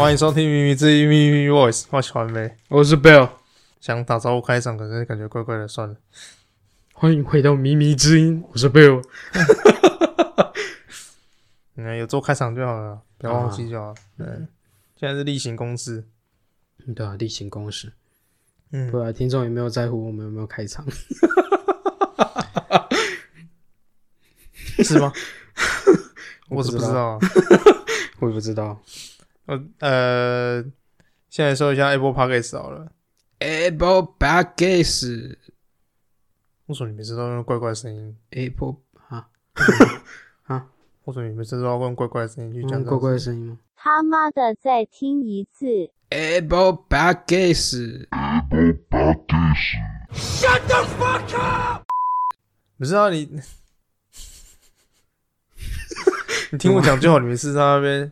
歡迎收聽《咪咪之音》嗯，咪咪 Voice，我喜歡唄。我是 Bell，想打招呼開場，可是感覺怪怪的，算了。歡迎回到《咪咪之音》，我是 Bell。哎、 嗯，有做開場就好了，不要忘記就好了。嗯、啊、現在是例行公事、嗯。對啊，例行公事。嗯，不然聽眾也沒有在乎我們有沒有開場。 是嗎？ 我怎麼知道，我不知道 我也不知道。呃、嗯、呃，先來說一下 Apple Podcast 好了。Apple Podcast，我說你每次都用怪怪的聲音講講。Apple 哈啊！我說你每次都用怪怪的聲音就講，乖乖的聲音嗎？他媽的，再聽一次。Apple Podcast，Apple Podcast，Shut the fuck up！不知道你， 你聽我講，最好你們是在那邊。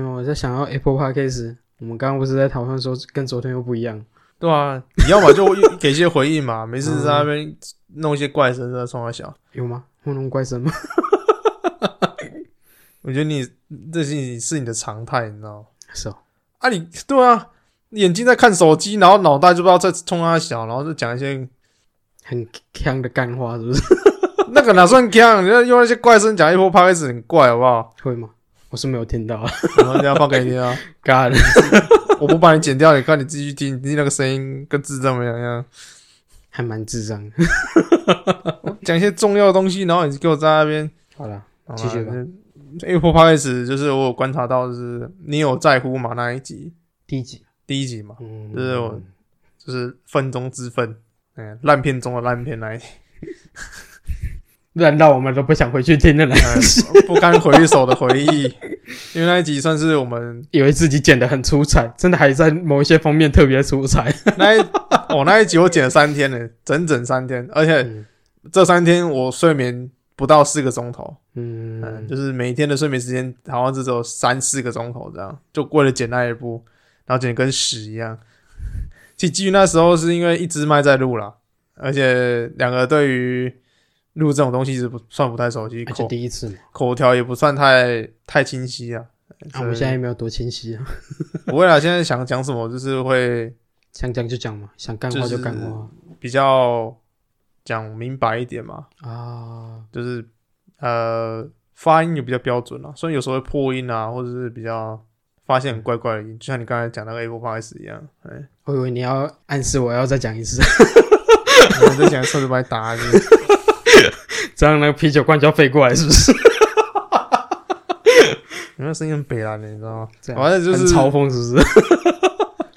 沒有，我在想要 Apple Podcast。我們剛剛不是在討論說跟昨天又不一樣？對啊，你要麼就給一些回應嘛，沒 事在那邊弄一些怪聲在衝他笑，有嗎？我弄怪聲嗎？ 我覺得你這是你是你的常態，你知道？是啊、喔，啊你對啊，眼睛在看手機，然後腦袋就不知道在衝他笑，然後就講一些很鏘的幹話，是不是？ 那個哪算鏘？你要用那些怪聲講 Apple Podcast 很怪，好不好？會嗎？我是沒有聽到、啊 嗯，然後你要放給你啊！God， 我不把你剪掉，你看你自己去聽，你聽那個聲音跟智障沒兩樣，還蠻智障的。講 一些重要的東西，然後你給我在那邊。好了，謝謝吧 Apple Podcast 就是我有觀察到，就是你有在乎嗎那一集，第一集，第一集嘛，就是我、嗯、就是分中之分，嗯、欸，爛片中的爛片那一集。 爛到我們都不想回去聽那兩、嗯、不堪回首的回憶。 因為那一集算是我們以為自己剪得很出彩，真的還在某一些方面特別出彩。那我、哦、那一集我剪了三天呢， 整整三天，而且、嗯、這三天我睡眠不到四個鐘頭。嗯，嗯，就是每天的睡眠時間好像只有三四個鐘頭這樣，就為了剪那一部，然後剪跟屎一樣。其實基於那時候是因為一隻麥在錄啦，而且兩個對於。錄這種東西是不算不太熟悉，而且第一次嘛，口條也不算太太清晰啊。那、啊、我現在也沒有多清晰、啊，我未啊。現在想講什麼就是會想講就講嘛，想幹話就幹話，就是、比較講明白一點嘛。啊，就是呃發音有比較標準啊，所以有時候會破音啊，或者是比較發現很怪怪的音，就像你剛才講那個 A five 開 s 一樣。哎，我以為你要暗示我要再講一次，我 在講錯就白打。 這樣那個啤酒罐就要飛過來，是不是？ 你那聲音很北爛，你知道嗎？這樣反正就是嘲諷，是不是？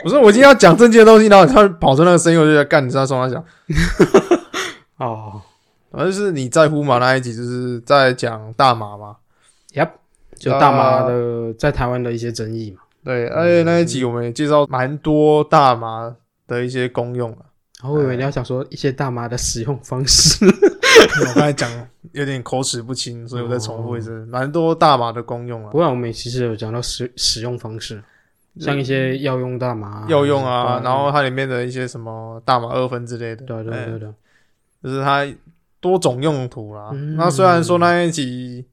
我 說我今天要講正經的東西，然後他跑出那個聲音，我就在幹，你知道，說他講。哦，反正就是你在呼嘛那一集就是在講大麻嘛 y、yep, e 就大麻的、呃、在台灣的一些爭議嘛。對，而、嗯、且、哎、那一集我們也介紹蠻多大麻的一些功用啊。然後我以為你要想說一些大麻的使用方式。 我剛才講有點口齒不清， 所以我再重複一次。蠻、哦哦哦、多大麻的功用啊，不然、啊、我們其實有講到使使用方式，像一些藥用大麻、啊，藥、嗯、用啊、嗯，然後它裡面的一些什麼大麻二酚之類的，對對對對、欸對，對，對，就是它多種用途啦、啊。那嗯嗯嗯嗯雖然說那一集，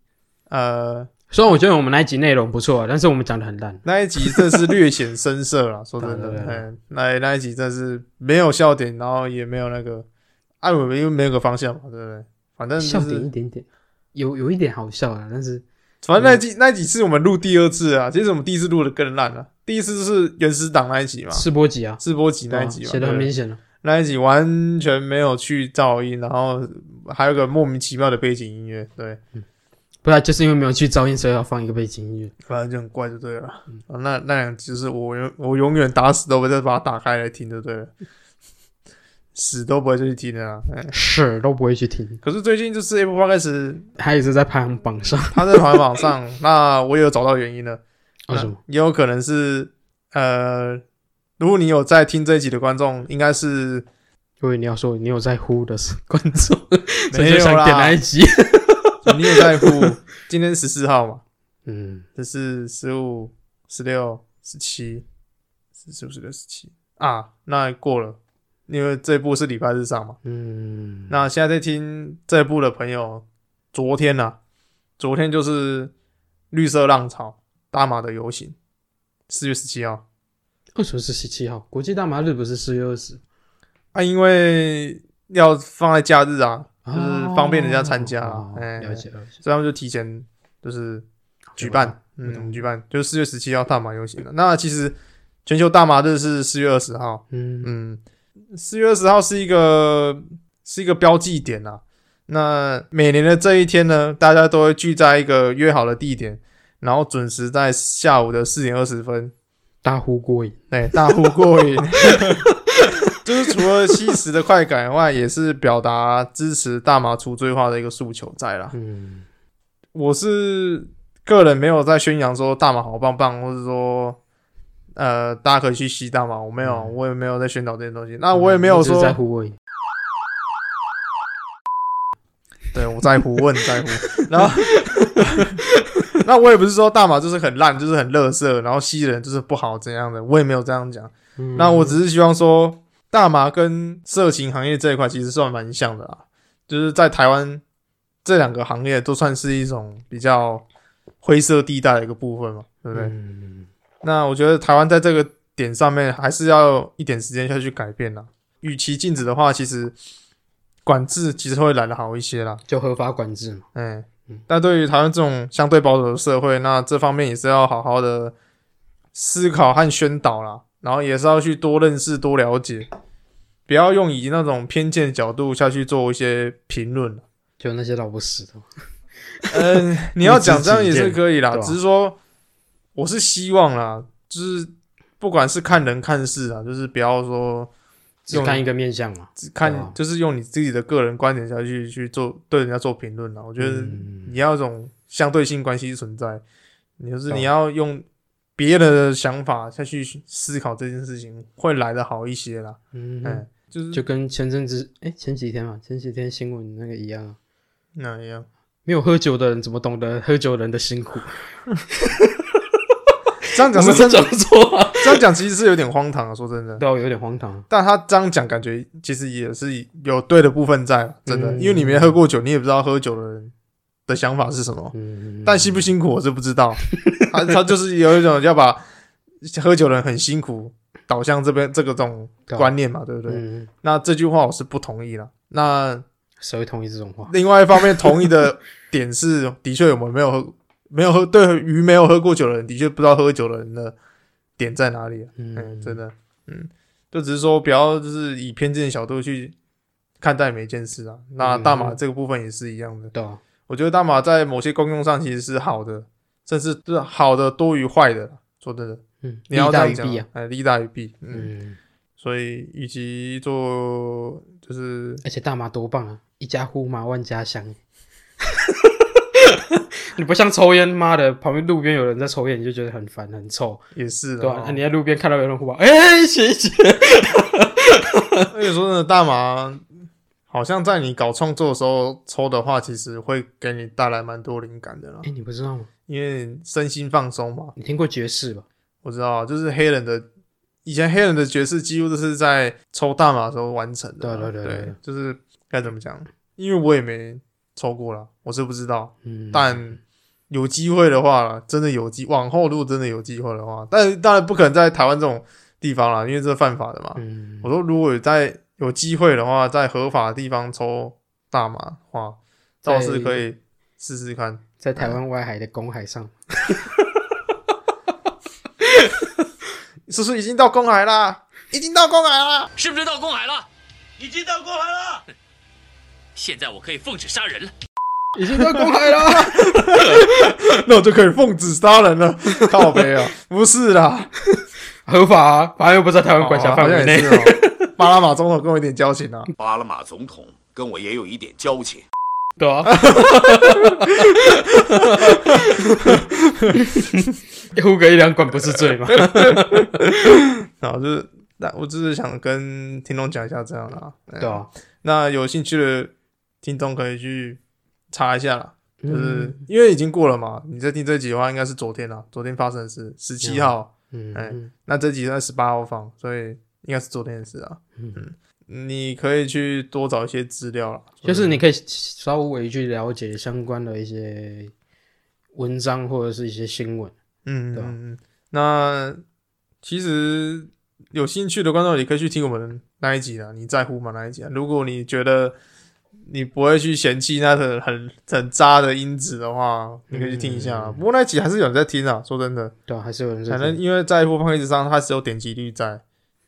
呃，雖然我覺得我們那一集內容不錯、啊，但是我們講的很爛。那一集真是略顯生澀了、啊， 說真的，那、欸、那一集真是沒有笑點，然後也沒有那個。啊、因為沒有個方向嘛，對不對，對？反正、就是、笑點一點點，有有一點好笑啊。但是，反正那幾那幾次我們錄第二次啊，其實我們第一次錄的更爛了、啊。第一次是原始檔那一集嘛，試播集啊，試播集那一集寫的、啊、很明顯了、啊。那一集完全沒有去噪音，然後還有個莫名其妙的背景音樂。對、嗯，不然就是因為沒有去噪音，所以要放一個背景音樂，反正就很怪，就對了。嗯啊、那那兩集是我永我永遠打死都不會再把它打開來聽，就對了。死都不會去聽的，死、欸、都不會去聽。可是最近就是《Apple Podcast》，他一直在排行榜上，他在排行榜上。 那我也有找到原因了，為什麼？也有可能是呃，如果你有在聽這一集的觀眾，應該是因為你要說你有在呼的是觀眾，沒有啦。 點哪一集 你有在呼？今天十四號嘛？嗯， 這是十五、十六、十七，是不是？十六、十七啊，那過了。因為這一部是禮拜日上嘛，嗯，那現在在聽這一部的朋友，昨天啊，昨天就是綠色浪潮大麻的遊行，四月十七號。為什麼是十七號？國際大麻日不是四月二十？啊，因為要放在假日啊，啊就是方便人家參加，啊啊，欸，了解了解。所以他們就提前就是舉辦，嗯，舉辦就是四月十七號大麻遊行了，啊。那其實全球大麻日是四月二十號，嗯嗯。四月二十號是一個是一個標記點啦。那每年的這一天呢，大家都會聚在一個約好的地點，然後準時在下午的四點二十分大呼過癮。哎，大呼過癮，對大呼過癮 就是除了吸食的快感外，也是表達支持大麻除罪化的一個訴求在啦。嗯，我是個人沒有在宣揚說大麻好棒棒，或者說。呃，大家可以去吸大麻，我沒有、嗯，我也沒有在宣導這些東西。那我也沒有說，對，我在乎，我很在乎。 然後， 那我也不是說大麻就是很爛，就是很垃圾，然後吸人就是不好怎樣的，我也沒有這樣講、嗯。那我只是希望說，大麻跟色情行業這一塊其實算蠻像的啊，就是在台灣這兩個行業都算是一種比較灰色地帶的一個部分嘛，對不對？嗯那我覺得台灣在這個點上面還是要一點時間下去改變啦。與其禁止的話，其實管制其實會來得好一些啦，就合法管制嘛。嗯，但對於台灣這種相對保守的社會，那這方面也是要好好的思考和宣導啦。然後也是要去多認識、多了解，不要用以那種偏見的角度下去做一些評論。就那些老不死的。 嗯，你要講 這樣也是可以啦，啊、只是說。我是希望啦，就是不管是看人看事啊，就是不要說只看一個面相嘛，只看就是用你自己的個人觀點下去去做對人家做評論啦。我覺得你要有一種相對性關係存在，你、嗯、就是你要用別人的想法再去思考這件事情，會來得好一些啦。嗯，就是就跟前陣子哎前幾天嘛，前幾天新、啊、聞那個一樣、啊，哪一樣？沒有喝酒的人怎麼懂得喝酒人的辛苦？ 這樣講是真講錯，這樣講其實是有點荒唐啊！說真的，對，有點荒唐。但他這樣講，感覺其實也是有對的部分在，真的。因為你沒喝過酒，你也不知道喝酒的人的想法是什麼。但辛不辛苦，我是不知道。他他就是有一種要把喝酒的人很辛苦導向這邊這個這種觀念嘛，對不對？那這句話我是不同意了。那誰會同意這種話？另外一方面，同意的點是，的確我們沒有喝。沒有喝，對於沒有喝過酒的人，的確不知道喝酒的人的點在哪裡、啊。嗯、欸，真的，嗯，就只是說不要就是以偏見的角度去看待每件事啊。那大麻這個部分也是一樣的。對、嗯，我覺得大麻在某些功用上其實是好的，甚至是好的多於壞的。說真的，嗯，你要大於弊啊，哎、欸，利大於弊，嗯。嗯，所以以及做就是，而且大麻多棒啊，一家呼麻，萬家香。 你不像抽煙，媽的，旁邊路邊有人在抽煙，你就覺得很煩、很臭，也是的、哦、對、啊、你在路邊看到有人呼，保、欸，誒謝謝。我跟你說真，真的大麻，好像在你搞創作的時候抽的話，其實會給你帶來蠻多靈感的啦。誒、欸、你不知道嗎？因為身心放鬆嘛。你聽過爵士吧？我知道，就是黑人的，以前黑人的爵士幾乎都是在抽大麻的時候完成的。對對對，對就是該怎麼講？因為我也沒抽過啦，我是不知道。嗯，但。有機會的話啦，真的有機。往後如果真的有機會的話，但當然不可能在台灣這種地方了，因為這是犯法的嘛。嗯、我說，如果有在有機會的話，在合法的地方抽大麻的話，倒是可以試試看。在台灣外海的公海上，嗯、 叔叔已經到公海啦，已經到公海啦，是不是到公海啦？已經到公海啦！現在我可以奉旨殺人了。已經在公海了，啊， 那我就可以奉旨殺人了。靠北了，不是啦，合法啊，反正又不在台灣管轄範圍內。巴拉馬總統跟我有點交情啊，巴拉馬總統跟我也有一點交情，對啊，呼 個一兩管不是罪嗎？然 後對、啊、 就是，那我只是想跟聽眾講一下這樣的，啊。對啊，嗯，那有興趣的聽眾可以去。查一下啦，就是、嗯、因為已經過了嘛。你再聽這集的話，應該是昨天了。昨天發生的是十七號，哎、嗯嗯欸嗯，那這集在十八號放，所以應該是昨天的事啊。嗯，你可以去多找一些資料了，就是你可以稍微去了解相關的一些文章或者是一些新聞。嗯嗯嗯、對啊。那其實有興趣的觀眾也可以去聽我們那一集啦。你在乎嗎那一集？如果你覺得。你不會去嫌棄那個很很渣的音質的話，你可以去聽一下、啊嗯。不過那集還是有人在聽啊，說真的，對、啊，還是有人在聽。在。反正因為在播放位置上，它是有點擊率在。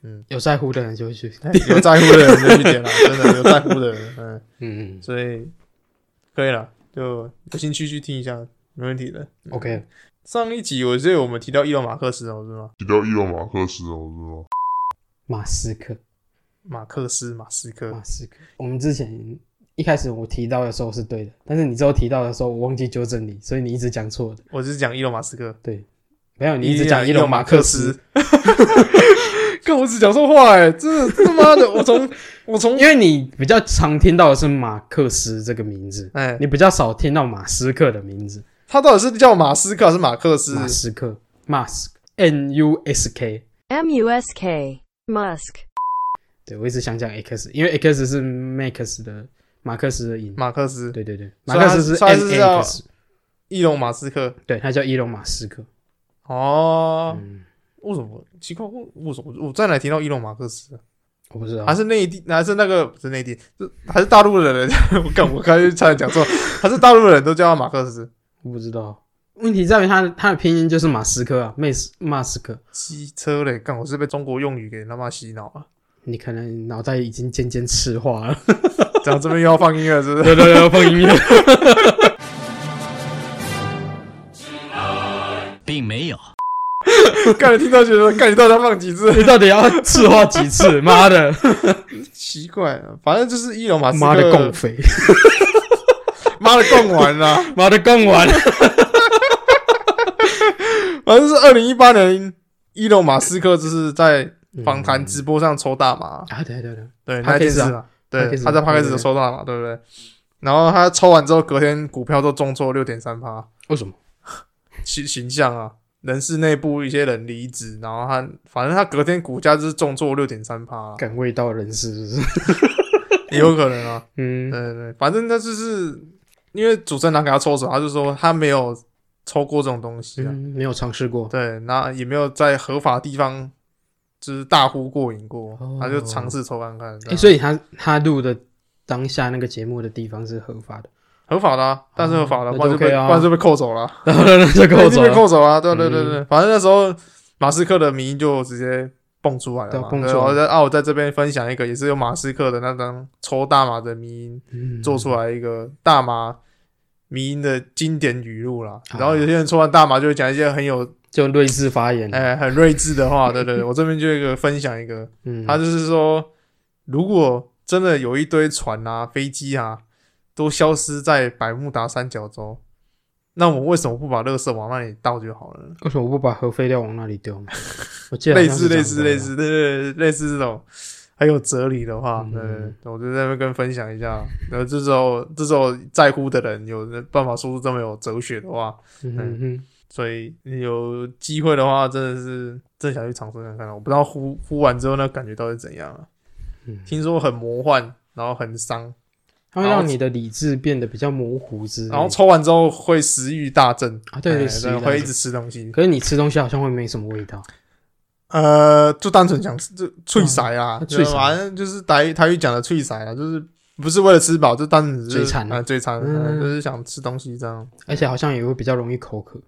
嗯，有在乎的人就會去，有在乎的人就去點了、啊， 真的有在乎的人，嗯 嗯嗯，所以可以了，就有興趣去聽一下，沒問題的。嗯、OK，上一集我記得我們提到伊隆·馬克斯，哦，是嗎？提到伊隆·馬克斯，哦，是嗎？馬斯克，馬克思，馬斯克，馬斯克，我們之前。一開始我提到的時候是對的，但是你之後提到的時候，我忘記糾正你，所以你一直講錯的。我就是講伊隆馬斯克，對，沒有你一直講伊隆馬克思。幹 我只講錯話哎、欸，真的他媽的！ 我從我從因為你比較常聽到的是馬克思這個名字，哎、欸，你比較少聽到馬斯克的名字。他到底是叫馬斯克還是馬克思？馬斯克 Musk N U S K M U S K Musk。對我一直想講 X，因為 X 是 Max 的。馬克思而已。馬克思，對對對，馬克思是。他是叫伊隆·馬斯克，對，他叫伊隆·馬斯克。哦，嗯、為什麼奇怪？我我我我在哪聽到伊隆·馬克思、啊？我不知道，還是內地？還是那個不是內地？還是大陸的人？ 我剛我剛差點講錯， 還是大陸人都叫他馬克思？我不知道，問題在於他他的拼音就是馬斯克啊，馬斯馬斯克。機車嘞，幹，我是被中國用語給他媽洗腦了、啊。你可能腦袋已經漸漸赤化了。 然後這邊又要放音樂，是不是？ 對對對，放音樂， 並沒有。 看你聽到覺得，看你到底放幾次？你到底要策劃幾， 幾次？媽的， 奇怪啊！反正就是伊隆馬斯，克的共匪哈哈媽的共完啦，媽的共完。反正，是二零一八年，伊隆馬斯克就是在訪談直播上抽大麻啊、嗯嗯！對對對，對，他、啊、可以吃對、嗯，他在 Podcast 抽到了嘛、嗯對對，對不對？然後他抽完之後，隔天股票都重挫六點三趴。為什麼？形形象啊，人事內部一些人離職，然後他反正他隔天股價就是重挫六點三趴。敢味道人事是不是？ 也有可能啊。嗯， 對對，反正那就是因為主持人拿給他抽手，他就說他沒有抽過這種東西啊，嗯、沒有嘗試過。對，那也沒有在合法地方。就是大呼過癮過、哦，他就嘗試抽完看看、欸。所以他他錄的當下那個節目的地方是合法的，合法的、啊，但是合法的、嗯、不然就被、嗯就 OK 哦、不然就被不然就被扣走了、啊，然 後就被扣走了，就被扣走了。對對對對，嗯、反正那時候馬斯克的迷因就直接蹦出來了嘛，蹦出來。然後在、啊、我在這邊分享一個，也是用馬斯克的那張抽大麻的迷因、嗯、做出來一個、嗯、大麻迷因的經典語錄啦、啊。然後有些人抽完大麻就會講一些很有。就睿智發言，哎、欸，很睿智的話， 對對對，我這邊就一個分享一個，嗯，他就是說，如果真的有一堆船啊、飛機啊都消失在百慕達三角洲，那我為什麼不把垃圾往那裡倒就好了？為什麼不把核廢料往那裡丟？呢？ 類似類似類似類似類似這種很有哲理的話，嗯嗯對，對，對，我就在那邊跟分享一下。然後這時候這時候在乎的人有辦法說出這麼有哲學的話，嗯哼，哼。嗯所以有機會的話真的，真的是真想去嘗試看看。我不知道呼呼完之後那感覺到底怎樣啊、嗯？聽說很魔幻，然後很傷，它、啊、會讓你的理智變得比較模糊之。之然後抽完之後會食欲大振啊，對對對、欸對，會一直吃東西。可是你吃東西好像會沒什麼味道。呃，就單純想吃就翠色啊、啊、啊，就反正就是台台語講的翠色啊，就是不是為了吃飽，就單純、就是、最慘啊、呃、最慘、嗯呃，就是想吃東西這樣。而且好像也會比較容易口渴。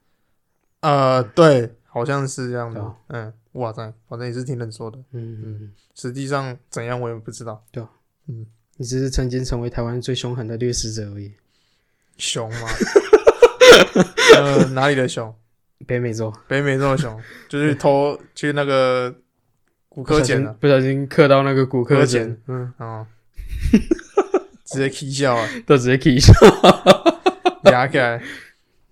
呃，對，好像是這樣的。啊、嗯，哇塞，反正也是挺能說的。嗯嗯，實際上怎樣我也不知道。對、啊、嗯，你只是曾經成為台灣最凶狠的掠食者而已。熊嗎？ 呃，哪裡的熊？北美洲，北美洲的熊，就是偷去那個骨科撿的，不小心磕到那個骨科撿。嗯啊，嗯 直接起笑啊，都直接起笑，牙開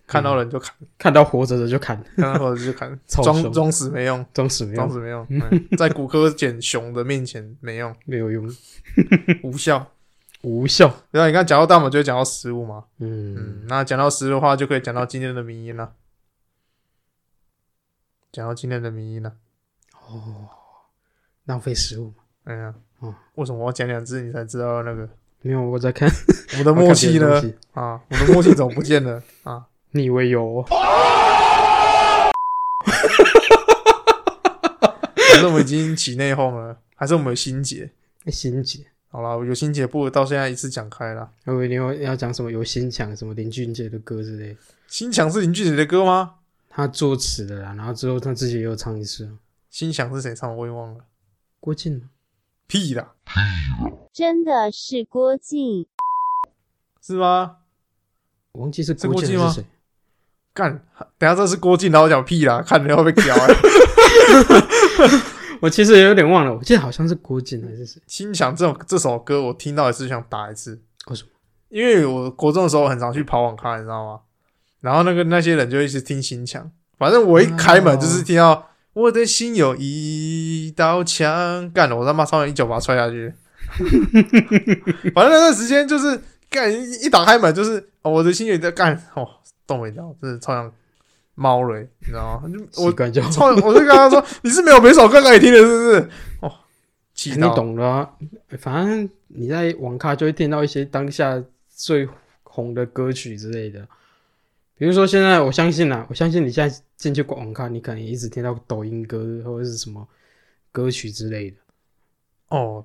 看到人就砍，嗯、看到活着的就砍，看到活着就砍。裝裝死沒用，裝死沒用，嗯、在骨科撿熊的面前沒用、嗯，沒有用，無效，無效。然後你，你看，講到大麻就會講到食物嘛，嗯，嗯那講到食物的話，就可以講到今天的名言了、啊。講、嗯、到今天的名言了、啊。哦，浪費食物。哎呀、哦，為什麼我要講兩次你才知道那個？因為我在看，我的默契呢？啊，我的默契怎麼不見了？ 啊？你以為有？哈哈哈哈哈！還是我們已經起內訌了？還是我們有心結？心結？好啦，我有心結不如到現在一次講開了。我一定要講什麼？有心牆？什麼林俊杰的歌之類？心牆是林俊杰的的歌嗎？他作詞的啦，然後之後他自己又唱一次。心牆是誰唱？我也忘了。郭靖？屁啦。真的是郭靖？是嗎？我忘記是郭靖，是郭靖嗎？是幹，等下這是郭靖，然後講屁啦，看你要被吊，欸。 我其實也有點忘了，我記得好像是郭靖還是誰。心牆這首這首歌，我聽到也是想打一次。為什麼？因為我國中的時候我很常去跑網咖，你知道嗎？然後那個那些人就一直聽心牆，反正我一開門就是聽到、啊、我的心有一道牆。幹了，我他媽差點一腳把他踹下去。 反正那段時間就是幹，一打開門就是、哦、我的心也在幹哦。動一下，就是超像貓嘞，你知道嗎？ 就我超，我就跟他說：“ 你是沒有每首歌給你聽的，是不是？”哦，你懂的、啊。反正你在網咖就會聽到一些當下最紅的歌曲之類的。比如說，現在我相信了、啊，我相信你現在進去逛網咖，你可能也一直聽到抖音歌或者是什麼歌曲之類的。哦。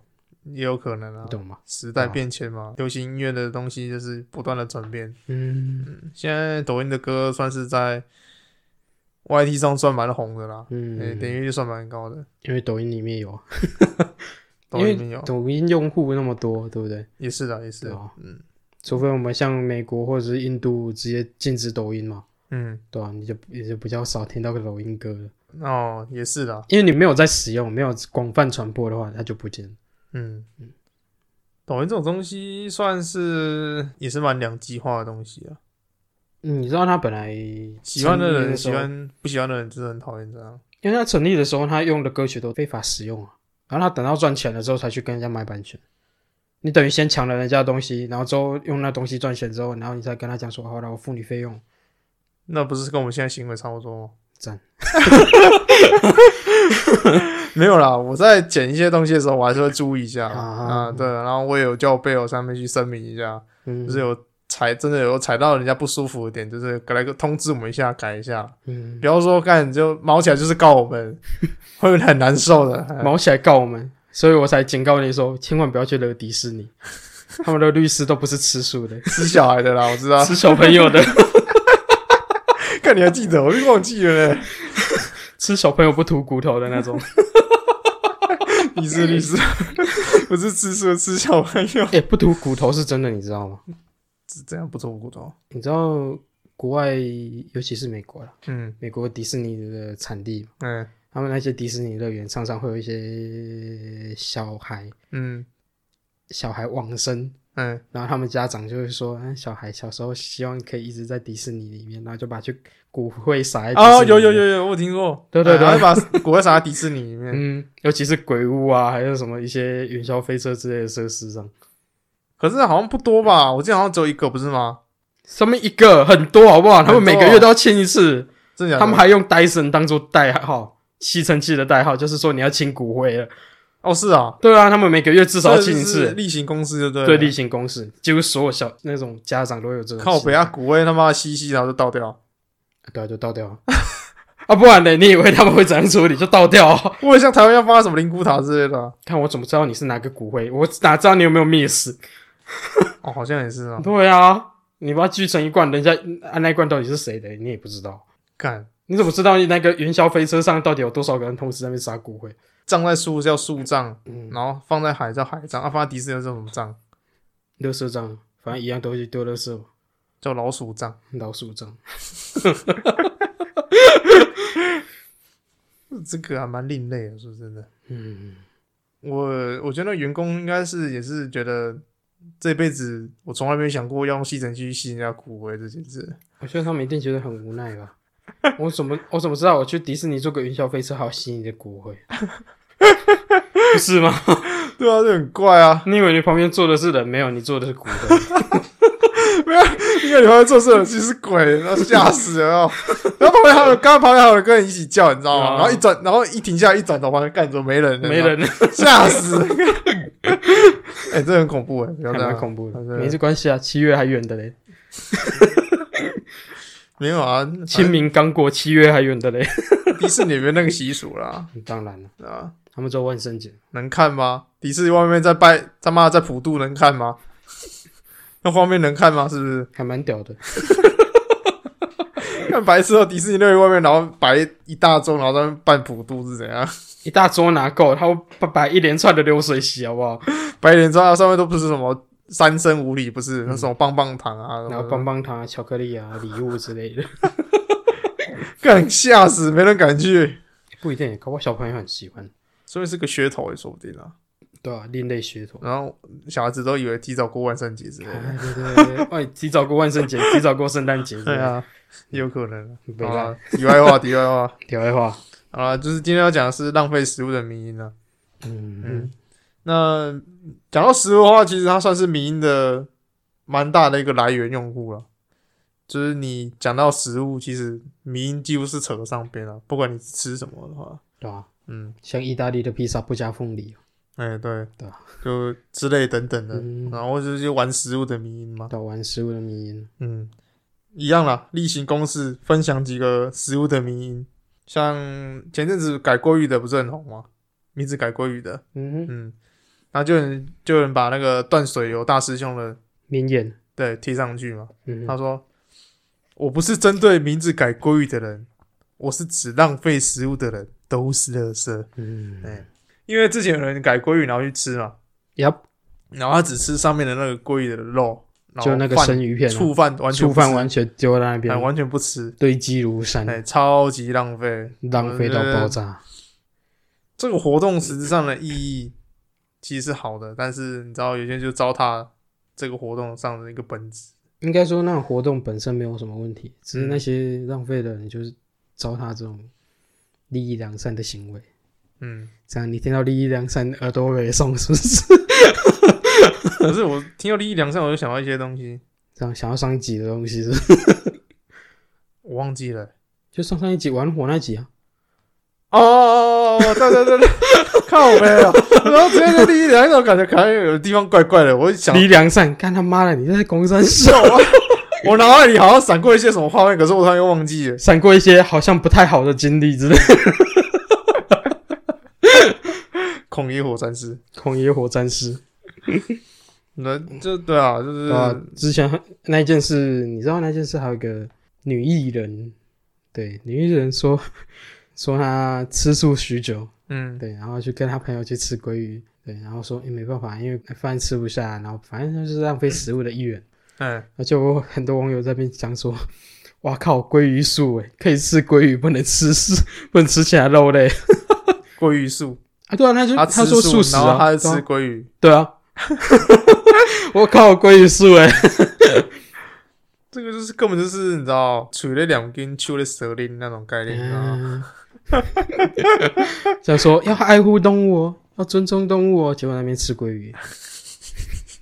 也有可能啊，你懂嗎？時代變遷嘛、哦，流行音樂的東西就是不斷的轉變嗯。嗯，現在抖音的歌算是在 YT 上算蠻紅的啦，嗯，等於就算蠻高的。因為抖音裡面有，哈哈哈，抖音有，抖音用戶那麼多，對不對？也是的，也是、啊。嗯，除非我們像美國或者是印度直接禁止抖音嘛，嗯，對啊，你就也就比較少聽到個抖音歌了。哦，也是的，因為你沒有在使用，沒有廣泛傳播的話，它就不見了。嗯嗯，抖音這種東西算是也是蠻兩極化的東西啊，嗯。你知道他本來喜歡的人喜歡，不喜歡的人真的很討厭這樣，因為他成立的時候，他用的歌曲都非法使用啊。然後他等到賺錢了之後，才去跟人家買版權。你等於先搶了人家的東西，然後之後用那東西賺錢之後，然後你再跟他講說：“好，我付你費用。”那不是跟我們現在行為差不多嗎？贊。 沒有啦，我在剪一些東西的時候，我還是會注意一下啊，啊。對，然後我也有叫我背後上面去聲明一下，嗯、就是有踩，真的有踩到人家不舒服的點，就是來個通知我們一下，改一下。嗯，不要說幹就毛起來就是告我們， 會很難受的，哎，毛起來告我們，所以我才警告你說，千萬不要去惹迪士尼， 他們的律師都不是吃素的， 吃小孩的啦，我知道， 吃小朋友的。 看你還記得，我就忘記了， 吃小朋友不吐骨頭的那種。 你是律師，不是，是吃素吃，吃小朋友？誒、欸、不吐骨頭是真的，你知道嗎？只這樣，不吐骨頭。你知道國外，尤其是美國了，嗯，美國迪士尼的產地，嗯，他們那些迪士尼樂園常常會有一些小孩，嗯，小孩往生，嗯，然後他們家長就會說，嗯，小孩小時候希望可以一直在迪士尼裡面，然後就把去。骨灰撒哦，有有有有，我有聽過，對對對，還把骨灰撒在迪士尼裡面對對對、啊，對對對欸、裡面 嗯，尤其是鬼屋啊，還有什麼一些雲霄飛車之類的設施上。可是好像不多吧？我記得好像只有一個，不是嗎？上面一個很多，好不好、啊？他們每個月都要清一次，真的。他們還用 Dyson 當做代號，吸塵器的代號，就是說你要清骨灰了。哦，是啊，對啊，他們每個月至少要清一次例行公事，對對例行公事，幾乎所有小那種家長都有這個。靠北啊，骨灰他媽吸吸，然後就倒掉。對，就倒掉 啊！不然呢？你以為他們會怎樣處理？就倒掉啊！不會像台灣要發什麼靈骨塔之類的、啊。看我怎麼知道你是哪個骨灰？我哪知道你有沒有滅 s 哦，好像也是啊。對啊，你把它聚成一罐人家，等一下，那一罐到底是誰的？你也不知道。幹，你怎麼知道你那個雲霄飛車上到底有多少個人同時在那撒骨灰？葬在樹叫樹葬、嗯，然後放在海叫海葬，啊，放在迪士尼叫什麼葬？樂色葬，反正一樣東西丟樂色。叫老鼠葬，老鼠葬， 這個還蠻另類的，說真的。嗯，嗯，嗯，我我覺得員工應該是也是覺得這輩子我從來沒想過要用吸塵器去吸人家骨灰，這件事。我覺得他們一定覺得很無奈吧？ 我怎麼我怎麼知道我去迪士尼坐個雲霄飛車，還要吸你的骨灰？ 不是嗎？ 對啊，這很怪啊！你以為你旁邊坐的是人，沒有你坐的是骨灰。 沒有，一個女孩坐車，其實是鬼，然後嚇死了哦。有有 然後旁邊還有，剛 剛旁邊還有人跟人一起叫，你知道嗎？有有然後一轉，然後一停下來一，一轉頭旁邊看着沒人，沒人，嚇死！哎、 欸，這個、很恐怖，不要這樣，還蠻恐怖，沒事關係啊，七月還遠的嘞。 沒有啊，清明剛過，七月還遠的嘞。 迪士尼沒那個習俗啦。當然了啊，他們做萬聖節能看嗎？迪士尼外面在拜，他媽在普渡能看嗎？那畫面能看嗎？是不是還蠻屌的？ 看白色的迪士尼樂園外面，然後擺一大桌，然後在那邊辦普渡是怎樣？一大桌哪夠？他會擺一連串的流水席，好不好？擺 一連串啊，上面都不是什麼三牲五禮不是那、嗯、什麼棒棒糖啊，然後棒棒糖、啊是是、巧克力啊、禮物之類的，幹 嚇 死，沒人敢去、欸。不一定，搞不好小朋友很喜歡，所以是個噱頭也、欸、說不定啊。對啊，另類噱頭。然後小孩子都以為提早過萬聖節之類的，啊、對對對、 哎，提早過萬聖節，提早過聖誕節。 對啊， 有可能啊。好啦 題外話，題外話，題外話了，就是今天要講的是浪費食物的迷因啊。嗯嗯，那講到食物的話，其實它算是迷因的蠻大的一個來源用戶了、啊。就是你講到食物，其實迷因幾乎是扯到上邊了、啊，不管你吃什麼的話，對啊，嗯，像意大利的披薩不加鳳梨。哎、欸，對，對，就之類等等的，嗯、然後就是玩食物的迷因嘛，對，玩食物的迷因，嗯，一樣啦，例行公事，分享幾個食物的迷因。像前陣子改鮭魚的不是很紅嗎？名字改鮭魚的，嗯哼嗯，然後就有人就把那個斷水流大師兄的名言對貼上去嘛、嗯。他說：“我不是針對名字改鮭魚的人，我是指浪費食物的人都是垃圾。”嗯嗯。欸因為之前有人改鮭魚，然後去吃嘛，然、Yep、後然後他只吃上面的那個鮭魚的肉然後，就那個生魚片、啊，醋飯完全醋飯完全丟在那邊，完全不吃，堆積如山、欸，超級浪費，浪費到爆炸。這個活動實質上的意義其實是好的，但是你知道，有些人就糟蹋這個活動上的一個本質。應該說，那個活動本身沒有什麼問題，嗯、只是那些浪費的人就是糟蹋這種利益良善的行為。嗯，這樣你聽到立意良善耳朵會酸，是不是？可是，我聽到立意良善我就想到一些東西，這樣想要上一集的東西是，不是，我忘記了、欸，就上上一集玩火那集啊。哦，哦，哦，哦，對對對對，我沒有。然後聽到立意良善，我感覺可能有地方怪怪的。我一想立良善，幹他媽的，你在供三小啊！我腦海裡好像閃過一些什麼畫面，可是我突然又忘記了，了閃過一些好像不太好的經歷之類的。是不是孔爺火戰士，孔爺火戰士，那 這 對啊，就是啊，之前那件事，你知道那件事，還有一個女藝人，對女藝人說說她吃素許久，嗯，對，然後去跟她朋友去吃鮭魚，對，然後說也、欸、沒辦法，因為飯吃不下，然後反正就是浪費食物的藝人，嗯，那就很多網友在那邊講說，哇靠，鮭魚素誒、欸，可以吃鮭魚，不能吃素，不能吃起來肉類，鮭 魚素。啊對啊，他就他說素，素食、啊，然後他在吃鮭魚，對啊，對啊 我靠，鮭魚素誒、欸。 這個就是根本就是你知道，取了兩根，取了蛇鱗那種概念啊，他、嗯、 說要愛護動物、哦，要尊重動物哦，結果那邊吃鮭魚，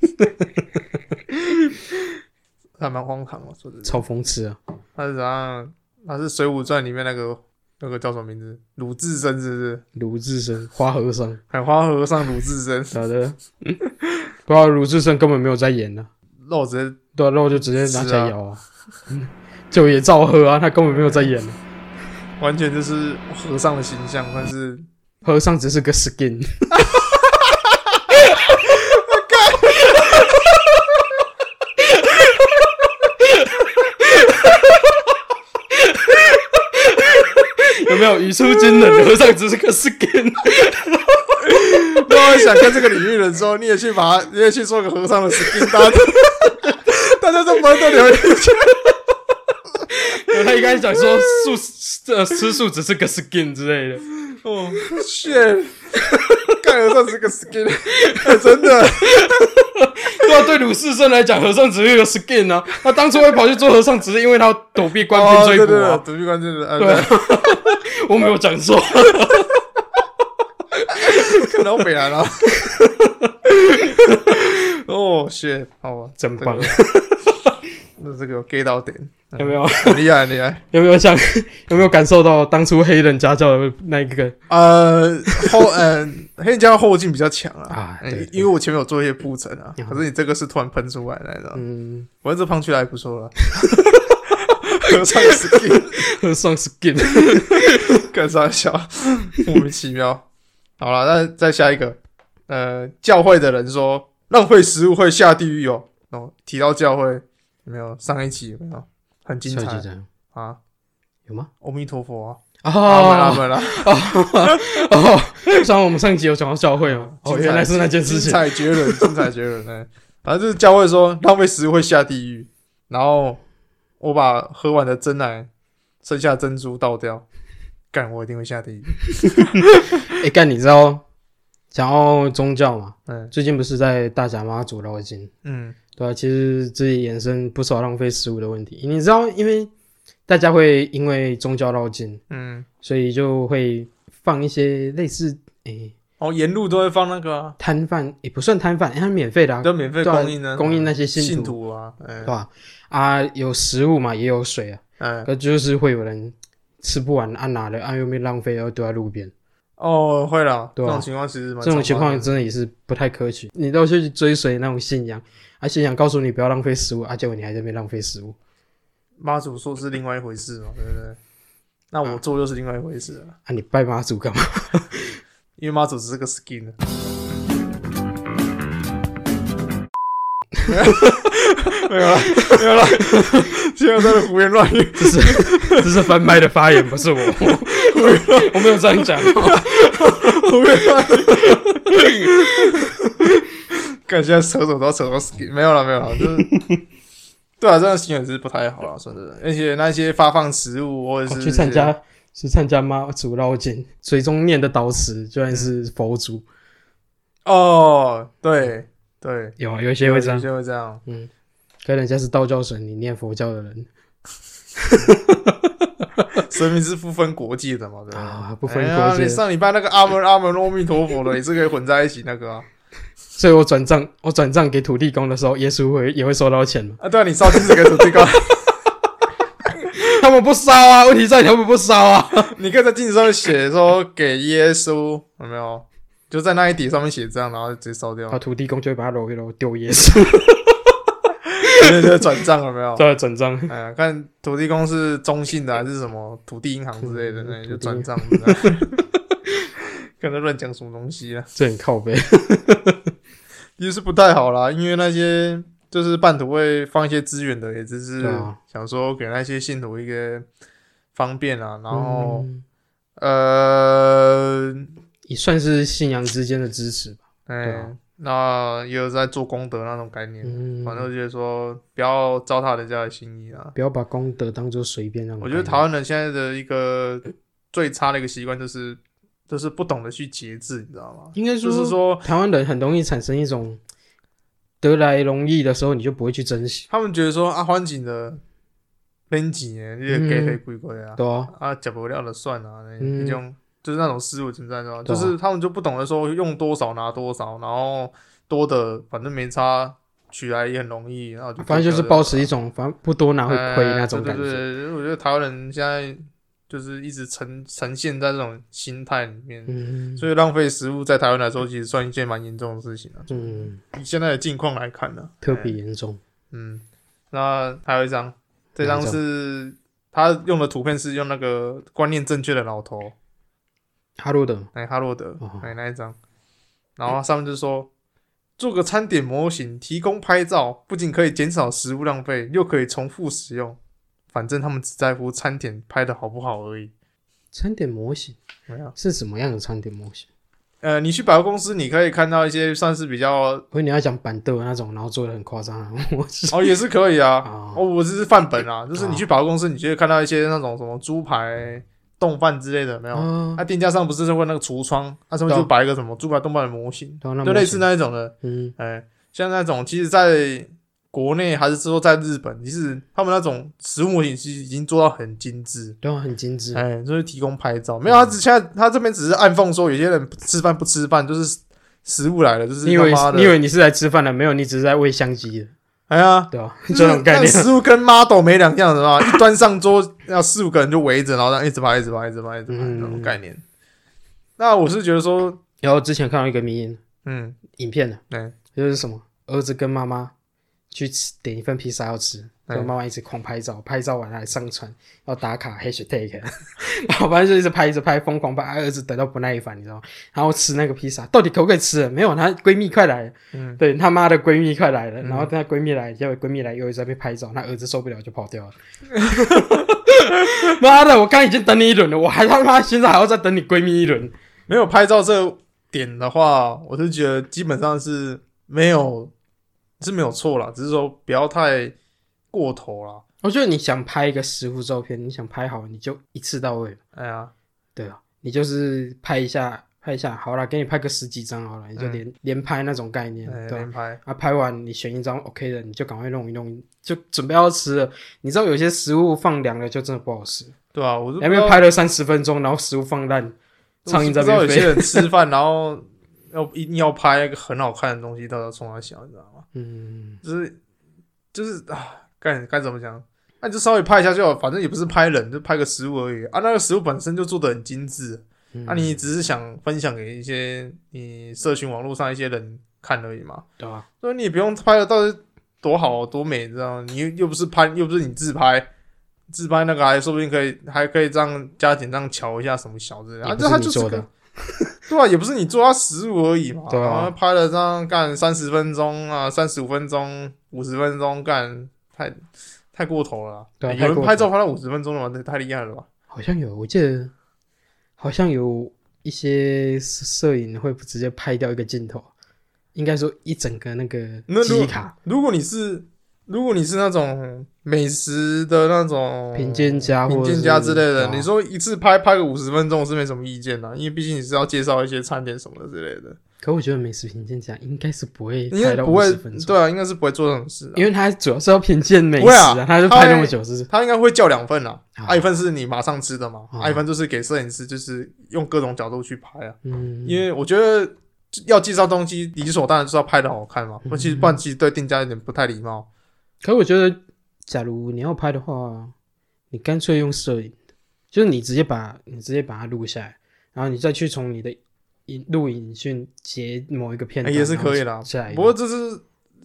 還蠻荒唐哦，說真的，超諷刺啊，他是啥？他是《水滸傳》裡面那個。那個叫什麼名字？魯智深是不是？魯智深，花和尚，還有花和尚魯智深。好 的， 不知道魯智深根本沒有在演呢、啊。肉直接、啊、對、啊，肉就直接拿起來咬啊，酒 也照喝啊，他根本沒有在演、啊、完全就是和尚的形象，但是和尚只是個 skin。 沒有語出驚人，和尚只是個 skin。哈哈哈哈哈！那我想跟這個領域的人說，你也去把你也去做個和尚的 skin，大家， 大家都懵的流哈，哈哈哈哈哈！他應該是講說素呃吃素只是個 skin 之類的。哦、shit， 看和尚是個 skin， 欸、真的。 對啊，對魯智深來講，和尚只是一個 skin 呢、啊。他當初會跑去做和尚，只是因為他躲避官兵追捕啊。Oh, 對對對，躲避官兵追捕，對。 我沒有講錯 北、啊 oh,。能老回來了。哦，shit！好啊，真棒。那這個 get 到點、嗯、有沒有很厲害厲害 有沒有像有沒有感受到當初黑人家教的那一個呃 後呃黑人家教後勁比較強啊，啊對對對，因為我前面有做一些鋪陳啊、嗯、可是你這個是突然噴出來來的你知道嗎？嗯，我這胖起來不錯了，和尚 skin 和 尚 和上 skin 幹啥笑，和上 skin 小莫名其妙 好了，那再下一個呃教會的人說浪費食物會下地獄哦哦，提到教會。沒有上一期有沒有、嗯、很精彩，精彩啊？有嗎？阿彌陀佛啊！沒啦沒啦！上我們上一集有講到教會嗎？哦，原來是那件事情。精彩絕倫精彩絕倫嘞！反正就是教會說浪費食物會下地獄，然後我把喝完的珍奶剩下珍珠倒掉，幹我一定會下地獄。誒 幹、欸、你知道？講到宗教嘛，嗯、欸，最近不是在大甲媽祖繞境，嗯，對啊，其實這也衍生不少浪費食物的問題。你知道，因為大家會因為宗教繞境，嗯，所以就會放一些類似，誒、欸、哦，沿路都會放那個攤、啊、販，也、欸、不算攤販，他、欸、它免費的、啊，都免費供應呢，供應那些、嗯、信徒啊，是、欸、吧？啊，有食物嘛，也有水啊，欸、可就是會有人吃不完，按、啊、哪的按右邊浪費，然後丟在路邊。哦，會啦。對啊，這種情況其實，這種情況真的也是不太可取、啊。你都要去追隨那種信仰，啊信仰告訴你不要浪費食物，啊，結果你還在那邊浪費食物。媽祖說是另外一回事嘛，對不對？那我做又是另外一回事啊。嗯、啊你拜媽祖幹嘛？因為媽祖只是個 skin、啊。 沒有了，沒有了。沒了 現在在胡言亂語，這是這是翻麥的發言， 不是我， 我沒有這樣講， 我沒有。感 覺 扯手都扯到 skin，沒有了，沒有了，就是。 對啊，這樣行為是不太好了，算的，而且那些發放食物，或者是、哦、去參加，去參加媽祖繞境，嘴中念的禱詞居然是佛祖。哦，對對，有啊，有一些會這樣，有，有一些會這樣，嗯。跟人家是道教神，你念佛教的人，神 明是不分國界的嘛，對吧？啊、不分國界。哎、你上禮拜那個阿門阿門阿彌陀佛的也是可以混在一起那個、啊。所以我轉賬，我轉賬給土地公的時候，耶穌會也會收到錢啊，對啊，你燒鏡子給土地公。 他們不燒啊，問題在你他們不燒啊。你可以在鏡子上面寫說給耶穌，有沒有？就在那一疊上面寫這樣，然後直接燒掉。啊，土地公就會把它揉一揉丟耶穌。 轉賬有沒有？轉轉賬，哎呀，看土地公是中信的、啊、還是什麼土地銀行之類的，那就轉賬。可能亂講什麼東西了、啊，這很靠北， 也是不太好啦。因為那些就是半途會放一些資源的，也只是想說給那些信徒一個方便啊。然後，嗯、呃，也算是信仰之間的支持吧。哎、對、啊。那也有在做功德那種概念，嗯、反正我覺得說不要糟蹋人家的心意啊，不要把功德當做隨便那種。我覺得台灣人現在的一個最差的一個習慣就是，就是不懂得去節制，你知道嗎？應該說，就是說台灣人很容易產生一種得來容易的時候，你就不會去珍惜。他們覺得說啊，歡景的風景給該回歸啊，對啊，啊，吃不完就算了啊、嗯，那種。就是那種思路存在，知道嗎？就是他們就不懂得說用多少拿多少，然後多的反正沒差，取來也很容易，然後反正就是保持一種反正不多拿會虧那種感覺。對對對，我覺得台灣人現在就是一直呈呈現在這種心態裡面，所以浪費食物在台灣來說，其實算一件蠻嚴重的事情了。嗯，以現在的近況來看呢，特別嚴重。嗯，那還有一張，這張是他用的圖片，是用那個觀念正確的老頭。哈羅德，哎、欸，哈羅德，哎、欸，那一張、哦，然後上面就說，做個餐點模型，提供拍照，不僅可以減少食物浪費，又可以重複使用。反正他們只在乎餐點拍的好不好而已。餐點模型，我要是什麼樣的餐點模型？呃，你去百貨公司，你可以看到一些算是比較，不是你要講板凳那種，然後做得很的很誇張。哦，也是可以啊。哦、我、哦、這是範本啊，就是你去百貨公司，你就會看到一些那種什麼豬排。嗯動飯之類的沒有，他定價上不是說會那個櫥窗，他，啊、上面就擺一個什麼豬排，哦、動飯的模型，哦、那模型，就類似那一種的。嗯，哎，欸，像那種其實在國內還是說在日本，其實他們那種食物模型其實已經做到很精致，都很精致。哎，欸，就是提供拍照，嗯，沒有他現在他這邊只是暗諷說有些人吃飯不吃飯，就是食物來了，就是你媽的，你以為你以為你是來吃飯的？沒有，你只是在餵相機的。哎呀，對啊，是這種概念，食物跟 model 沒兩樣的話，一端上桌 然後四五個人就圍着，然後這樣一直拍一直拍一直拍一直拍，嗯、那種概念。那我是覺得說，然後之前看到一個迷因，嗯，影片的，對，嗯，就是什麼，兒子跟媽媽去吃，點一份披薩要吃。媽媽一直狂拍照，拍照完了來，上傳，要打卡 hashtag，然後反正就一直拍，一直拍，瘋狂把、啊、兒子等到不耐煩，你知道嗎？然後我吃那個披薩，到底可不可以吃了？沒有，她閨蜜快來了、嗯，對他媽的閨蜜快來了，然後等她閨蜜來，結果閨蜜來又一直在被拍照，那、嗯、兒子受不了就跑掉了。媽 的，我剛已經等你一輪了，我還他媽現在還要再等你閨蜜一輪、嗯。沒有拍照這點的話，我是覺得基本上是沒有是沒有錯了，只是說不要太。過頭了，我覺得你想拍一個食物照片，你想拍好，你就一次到位。哎呀，對啊，你就是拍一下，拍一下，好了，給你拍個十幾張好了，你就連、嗯、連拍那種概念、哎對啊，連拍。啊，拍完你選一張 OK 的，你就趕快弄一弄，就準備要吃了。你知道有些食物放涼了就真的不好吃，對啊，我那邊拍了三十分鐘，然後食物放爛，蒼蠅這邊飛。就有人吃飯， 然後要一定要拍一個很好看的東西，到時候衝他笑，你知道嗎？嗯，就是就是啊。幹，該該怎麼講？那、啊、就稍微拍一下就好，反正也不是拍人，就拍個食物而已啊。那個食物本身就做得很精緻，那、嗯啊、你只是想分享給一些你社群網絡上一些人看而已嘛？對啊，所以你也不用拍了，到底多好多美，知道嗎？你又，又不是拍，又不是你自拍、嗯，自拍那個還說不定可以，還可以這樣加減這樣喬一下什麼小、啊、的，啊，這他就是，對啊，也不是你做他食物而已嘛對、啊，然後拍了這樣幹三十分鐘啊，三十五分鐘、五十分鐘幹。太太過頭了，對、啊欸，有人拍照拍50了五十分鐘了，那太厲害了吧！好像有，我記得好像有一些攝影會不直接拍掉一個鏡頭，應該說一整個那個機卡那如。如果你是如果你是那種美食的那種品鑑家品鑑家之類的、啊，你說一次拍拍個五十分鐘是沒什麼意見的，因為畢竟你是要介紹一些餐點什麼的之類的。可我覺得美食評鑑家應該是不會拍分，應不會。對啊，應該是不會做這種事、啊，因為他主要是要評鑑美食啊，啊，他就拍那麼久他應該會叫兩份啊，啊啊一份是你馬上吃的嘛，有、嗯啊、一份就是給攝影師，就是用各種角度去拍啊。嗯，因為我覺得要介紹東西，理所當然是要拍得好看嘛，不、嗯、然不然其實對店家有點不太禮貌。可我覺得，假如你要拍的話，你乾脆用攝影，就是你直接把你直接把它錄下來，然後你再去從你的。錄影訊截某一個片子、欸。也是可以的，不過這是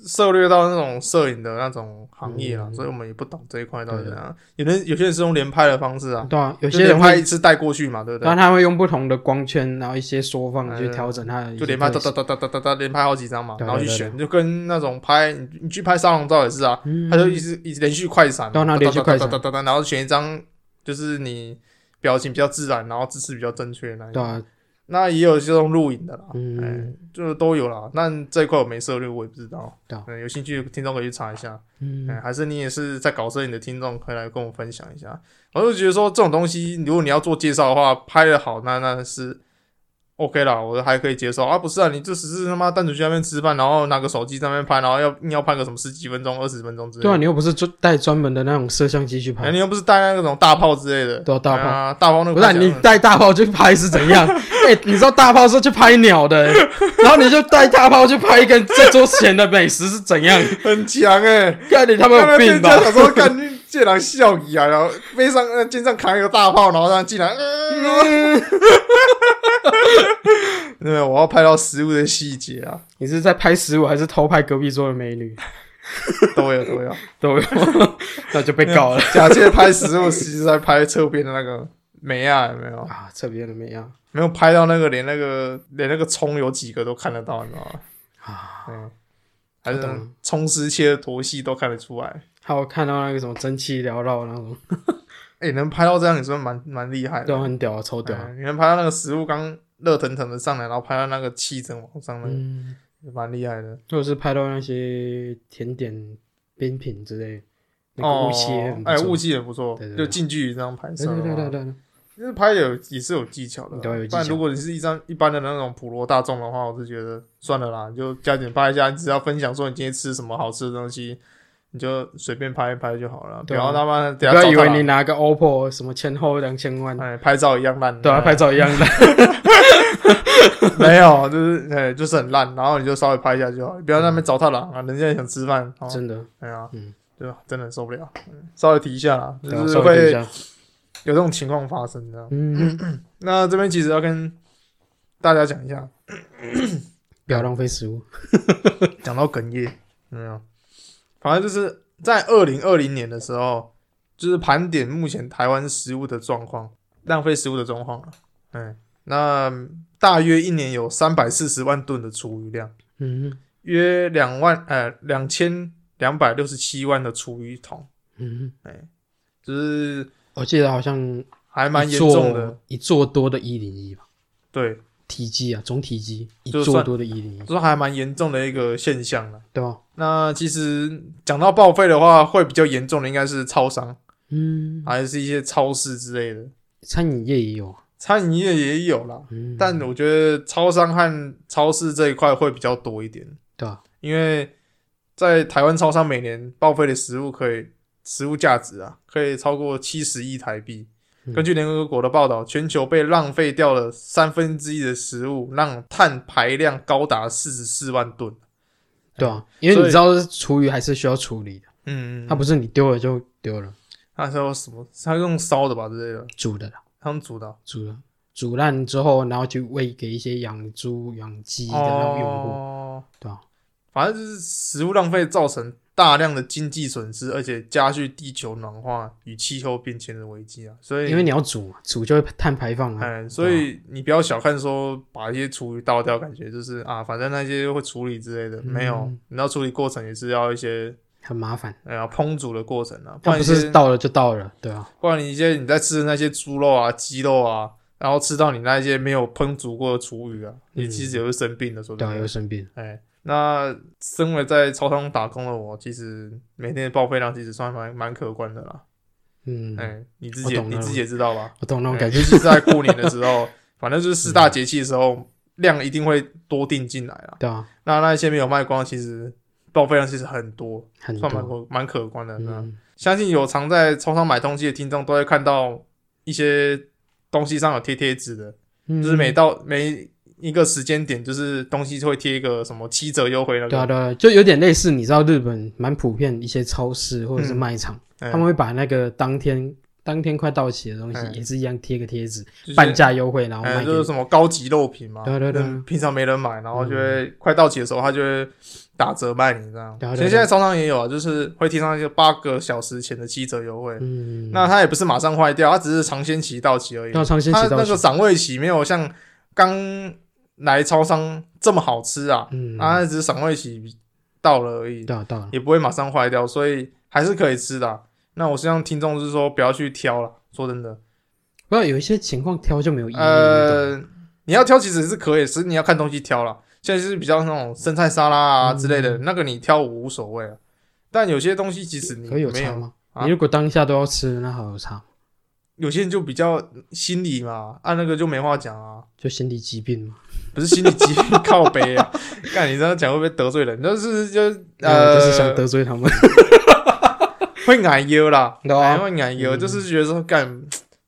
涉獵到那種攝影的那種行業了、啊嗯，所以我們也不懂這一塊。到底怎樣。對對對，有人有些人是用連拍的方式啊，對啊，有些人會連拍一次帶過去嘛，對不對，對？然後，他會用不同的光圈，然後一些縮放去調整它，就連拍噠噠噠噠噠噠連拍好幾張嘛，對對對對，然後去選，就跟那種拍你去拍沙龍照也是啊，對對對對，他就一直一直連續快閃、啊，然後選一張就是你表情比較自然，然後姿勢比較正確的那張。那也有這種錄影的啦，哎、嗯欸，就都有啦，那這塊我沒涉獵，我也不知道。對、嗯嗯，有興趣聽眾可以去查一下。嗯，欸、還是你也是在搞攝影的聽眾，可以來跟我分享一下。我就覺得說，這種東西，如果你要做介紹的話，拍的好，那那是。OK 了，我還可以接受啊！不是啊，你這只是他媽單獨去那邊吃飯，然後拿個手機在那邊拍，然後要硬要拍個什麼十幾分鐘、二十分鐘之類的。類，對啊，你又不是帶專門的那種攝像機去拍，啊，你又不是帶那種大炮之類的。對啊，大炮，啊？大炮那個不是，啊、你帶大炮去拍是怎樣？哎、 欸，你知道大炮是去拍鳥的，欸，然後你就帶大炮去拍一個這桌前的美食是怎樣？ 很強強哎，欸， 看你他媽有病吧！ 竟然笑起來，然後背上、肩上扛一個大炮，然後他竟然、呃，哈哈哈哈哈！沒有，我要拍到食物的細節啊！你是在拍食物，還是偷拍隔壁桌的美女？都 有、啊，都有、啊，都有，那就被告了。假借拍食物，其實是在拍側邊的那個美亞、啊、有沒有啊？側邊的美亞、啊、沒有拍到那個連那個連那個蔥有幾個都看得到，你知道嗎？啊， 還是那蔥絲切的坨細都看得出來。還有看到那個什麼蒸汽繚繞那種，哎、 欸，能拍到這樣也，你是蠻蠻厲害的？都、啊、很屌啊，超屌、啊欸！你能拍到那個食物剛熱騰騰的上來，然後拍到那個氣蒸往上、那個，面、嗯，蠻厲害的。就是拍到那些甜點、冰品之類的，霧、那、氣、個，哎、哦，霧、欸、氣也不錯，就近距離這樣拍攝，對，其實拍有也是有技巧的，但如果你是一張一般的那種普羅大眾的話，我是覺得算了啦，就加緊拍一下，你只要分享說你今天吃什麼好吃的東西。你就隨便拍一拍就好了，不要他媽，不要以為你拿個 OPPO 什麼前後兩千萬、欸，拍照一樣爛，對，啊對啊，拍照一樣爛。 沒有，就是哎、欸，就是很爛。然後你就稍微拍一下就好，不要在那邊找他了啊！嗯、人家也想吃飯，真的，哎呀、啊嗯，對吧、啊？真的很受不了、嗯稍啊，稍微提一下，就是會有這種情況發生的。嗯， 那這邊其實要跟大家講一下，不要浪費食物，講 到哽咽， 哽咽有沒有？好像就是在二零二零年的時候，就是盤點目前台灣食物的狀況，浪費食物的狀況。嗯，那大約一年有三百四十萬噸的廚餘量，嗯哼，約兩萬呃兩千兩百六十七萬的廚餘桶，嗯，哎，就是我記得好像還蠻嚴重的，一座多的一零一吧，對。體積啊，總體積一萬多的一釐。就是還蠻嚴重的一個現象了，對吧，啊？那其實講到報廢的話，會比較嚴重的應該是超商，嗯，還是一些超市之類的，餐飲業也有，餐飲業也有啦，嗯，但我覺得超商和超市這一塊會比較多一點，對吧，啊？因為在台灣超商每年報廢的食物可以，食物價值啊，可以超過七十億台幣。根據聯合國的報道，全球被浪費掉了三分之一的食物，讓碳排量高達四十四萬噸。對啊，因為你知道是廚餘還是需要處理的。嗯，它不是你丟了就丟了。它是用什麼？它用燒的吧之類的？煮的、啊。他用煮的、啊。煮的，煮爛之後，然後就餵給一些養豬、養雞的那種用戶、哦。對啊，反正就是食物浪費造成大量的經濟損失，而且加劇地球暖化與氣候變遷的危機啊！所以因為你要煮，煮就會碳排放嗯、啊欸，所以你不要小看說把一些廚餘倒掉，感覺就是啊，反正那些會處理之類的、嗯，沒有，你要處理過程也是要一些很麻煩，然後、嗯、烹煮的過程啊。不然就是倒了就倒了，對啊。不然你一些你在吃的那些豬肉啊、雞肉啊，然後吃到你那些沒有烹煮過的廚餘啊，你其實也會生病的時候對，對、對、啊、也會生病，哎、欸。那身為在超商打工的我，其實每天的報廢量其實算蠻蠻可觀的啦。嗯，哎、欸，你自己你自己也知道吧？我懂那種感覺，就是在過年的時候， 反正就是四大節氣的時候、嗯，量一定會多訂進來啦。對、嗯、啊，那那些沒有賣光，其實報廢量其實很多，很多算蠻蠻可觀的。嗯，相信有常在超商買東西的聽眾，都會看到一些東西上有貼貼紙的、嗯，就是每到每。一個時間點，就是東西會貼一個什麼七折優惠那個。對對，就有點類似，你知道日本蠻普遍一些超市或者是賣場，嗯欸、他們會把那個當天當天快到期的東西也是一樣貼個貼紙、欸，半價優惠然後、欸、就是什麼高級肉品嘛。對對對。對對對，平常沒人買，然後就會快到期的時候，他就會打折賣、嗯、你這樣。其實現在商場也有啊，就是會貼上一個八個小時前的七折優惠。嗯。那它也不是馬上壞掉，它只是嘗鮮期到期而已。要嘗鮮期到期。它那個賞味期沒有像剛。來超商這麼好吃啊！嗯，啊，只是賞味期到了而已對、啊對啊，也不會馬上壞掉，所以還是可以吃的、啊。那我希望聽眾就是說不要去挑了，說真的，不、啊、要有一些情況挑就沒有意義。呃，你要挑其實是可以，是你要看東西挑了，現在就是比較那種生菜沙拉啊之類的，嗯、那個你挑我無所謂了、啊。但有些東西其實你沒有可以有差嗎、啊？你如果當下都要吃，那好有差。有些人就比較心理嘛，按、啊、那個就沒話講啊，就心理疾病嘛，不是心理疾病 靠背北啊，幹 你這樣講會不會得罪人？就是就呃，就是想得罪他們， 會奶油啦，哎、啊，會奶油、嗯、就是覺得說幹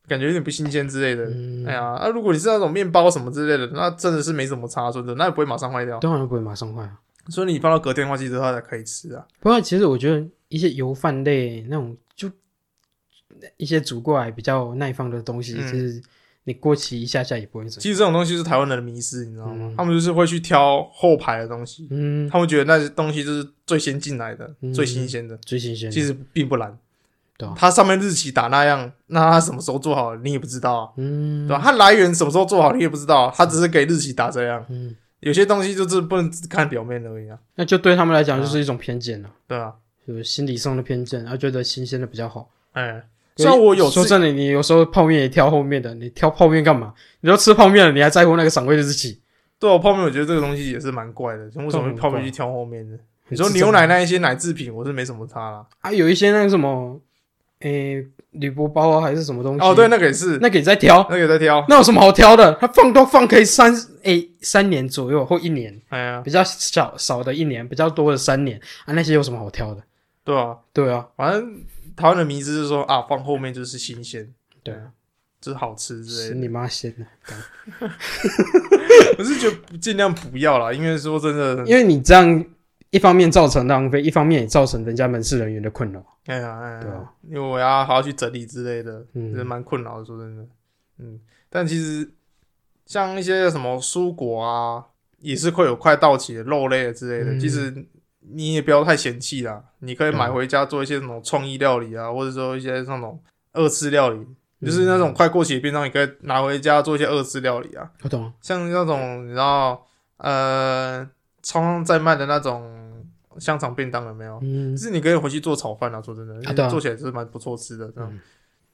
感覺，有點不新鮮之類的、嗯。哎呀，啊，如果你是那種麵包什麼之類的，那真的是沒什麼差錯的，那也不會馬上壞掉。當然、啊、不會馬上壞，所以你放到隔天的季之後，它才可以吃啊。不過其實我覺得一些油飯類那種就。一些煮過來比較耐放的東西，嗯、就是你過期一下下也不會。其實這種東西是台灣人的迷思，你知道嗎、嗯？他們就是會去挑後排的東西，嗯，他們覺得那些東西就是最先進來的，、嗯、的、最新鮮的、最新鮮。其實並不難，對、啊，它上面日期打那樣，那它什麼時候做好你也不知道，嗯，對吧？它來源什麼時候做好你也不知道，它只是給日期打這樣。嗯，有些東西就是不能只看表面的而已啊。那就對他們來講就是一種偏見了、啊啊，對啊，就是心理上的偏見，然後、啊、覺得新鮮的比較好，哎、欸。像我有時候說真的，你有時候泡麵也挑後面的，你挑泡麵幹嘛？你都吃泡麵了，你還在乎那個賞味日期？對我、啊、泡麵我覺得這個東西也是蠻怪的，為什麼泡麵去挑後面的？你，你說牛奶那一些奶製品，我是沒什麼差啦、啊。啊，有一些那個什麼，誒、欸，鋁箔包啊，還是什麼東西？哦，對，那個也是，那個也在挑，那個也在挑，那有什麼好挑的？它放都放可以三誒、欸、三年左右或一年。哎呀，比較少少的一年，比較多的三年啊，那些有什麼好挑的？對啊，對啊，反正。台灣的名字是說啊，放後面就是新鮮，對，就是好吃之類的。是你媽，鮮的！ 我是覺得盡量不要啦，因為說真的，因為你這樣一方面造成浪費，一方面也造成人家門市人員的困擾、哎。哎呀，對、啊、因為我要好好去整理之類的，也、嗯就是蠻困擾的。說真的，嗯，但其實像一些什麼蔬果啊，也是會有快到期的肉類之類的，嗯、其實。你也不要太嫌棄啦，你可以買回家做一些那種創意料理啊、嗯，或者說一些那種二次料理，嗯、就是那種快過期的便當，你可以拿回家做一些二次料理啊。我懂、啊。像那種你知道，呃，超市在賣的那種香腸便當有沒有？嗯。就是你可以回去做炒飯啊，說真的，啊啊做起來就是蠻不錯吃的。這樣、嗯。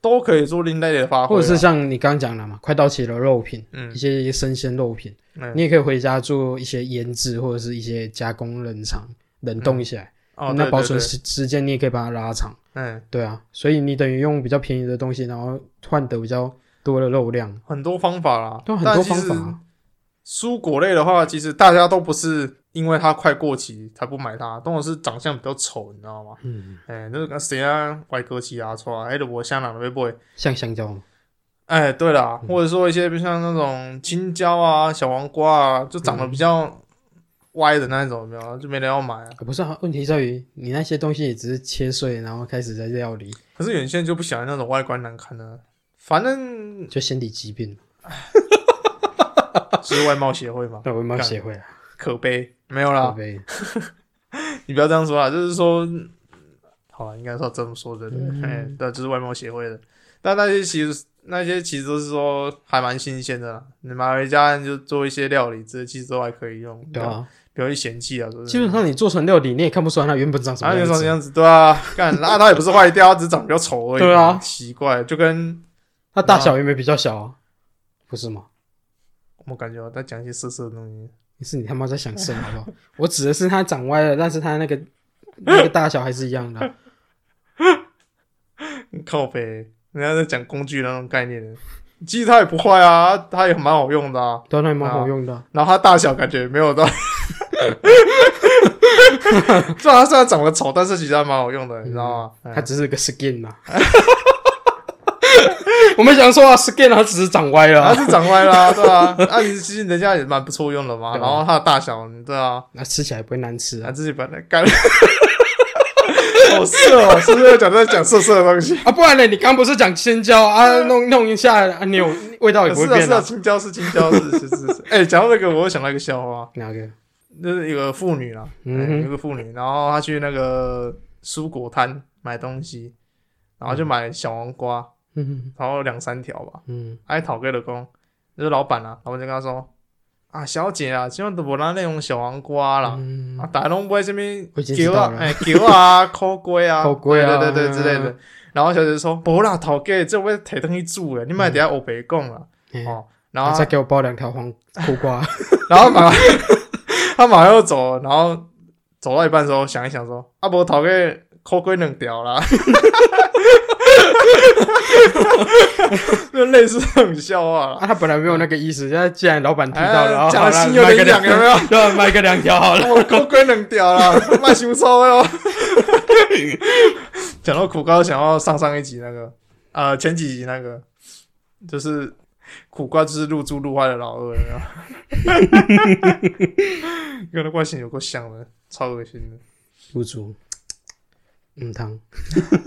都可以做另類的發揮、啊。或者是像你剛講的嘛，快到期的肉品、嗯，一些生鮮肉品、嗯，你也可以回家做一些醃製或者是一些加工冷藏。冷凍起來，那、嗯哦、保存時時間你也可以把它拉長。嗯，對啊，所以你等於用比較便宜的東西，然後換得比較多的肉量。很多方法啦，都很多方法、啊。蔬果類的話，其實大家都不是因為它快過期才不買它，但是長相比較醜，你知道嗎？嗯，哎，那個誰啊，外殼起啊出來，哎，我香港會不會像香蕉嗎？哎，對啦、嗯，或者說一些像那種青椒啊、小黃瓜啊，就長得比較、嗯。歪的那一種沒有、啊，就沒人要買、啊。可不是、啊，問題在於你那些東西也只是切碎，然後開始在料理。可是遠些就不喜歡那種外觀難看的，反正就先體疾病。 是外貌協會嘛，對 外貌協會可悲，沒有啦。可悲， 你不要這樣說啊！就是說，好了，應該說這麼說對不對？嗯對，就是外貌協會的。但那些其實那些其實都是說還蠻新鮮的啦，你買回家你就做一些料理這些其實都還可以用。對啊。不要去嫌棄啊！基本上你做成料理，你也看不出來它原本長什麼樣子。它原本長什麼樣子，對啊，幹，那它也不是壞掉，它 只是長比較醜而已。對啊，奇怪，就跟它大小有沒有比較小啊？不是嗎？我感覺我在講一些色色的東西。你是你他媽在想什麼？ 我指的是它長歪了，但是它那個那個大小還是一樣的、啊。 靠北，人家在講工具那種概念，其實它也不壞啊，它也蠻好用的、啊，對、啊，它也蠻好用的。然後它大小感覺也沒有到。 雖然他雖然長得醜，但是其實還蠻好用的、嗯，你知道嗎？它只是個 skin 啊。 我沒想說啊，skin 它只是長歪了、啊，它是長歪了，對啊。那、 啊、其實人家也蠻不錯用的嘛。啊、然後它的大小，對啊。那吃起來也不會難吃啊，啊自己把它幹。好澀，是不是、哦，又講這講澀澀的東西 啊。不然呢，你剛不是講青椒啊弄？弄弄一下你有，你味道也不會變啊是，啊是啊。青椒是青椒，是是是。哎，講、 欸、到這、那個，我又想到一個笑話。哪個？就是一個婦女啦，嗯欸、一個婦女，然後她去那個蔬果攤買東西，然後就買小黃瓜，嗯、然後兩三條吧，嗯，挨頭家的講，就是老闆啦，老闆就跟她說：“啊，小姐啊，今天都不拿那種小黃瓜啦，嗯、啊，大家都買什麼，球啊，哎，球、欸、啊，苦 瓜啊，苦瓜、啊，對對對，對,對、嗯啊，之類的。”然後小姐說：“不拉頭家，這我提東西煮的、嗯，你莫佇遐黑白講啦。嗯”哦、欸喔，然後再給我包兩條黃苦瓜，啊、 然後買完買。 他馬上又走，然後走到一半的時候想一想說：“阿、啊、伯，桃粿、苦瓜兩條了。”那類似很笑話了。啊、他本來沒有那個意思，現在既然老板聽到了，了啊講心有點講有賣個兩條好了。我苦瓜兩條了、喔，賣收收喲。講到苦瓜，想要上上一集那個啊、呃，前幾集那個就是。苦瓜就是入珠入壞的老二了，哈哈哈哈哈！有的外形有夠 像的，超噁心的入珠，唔疼，嗯、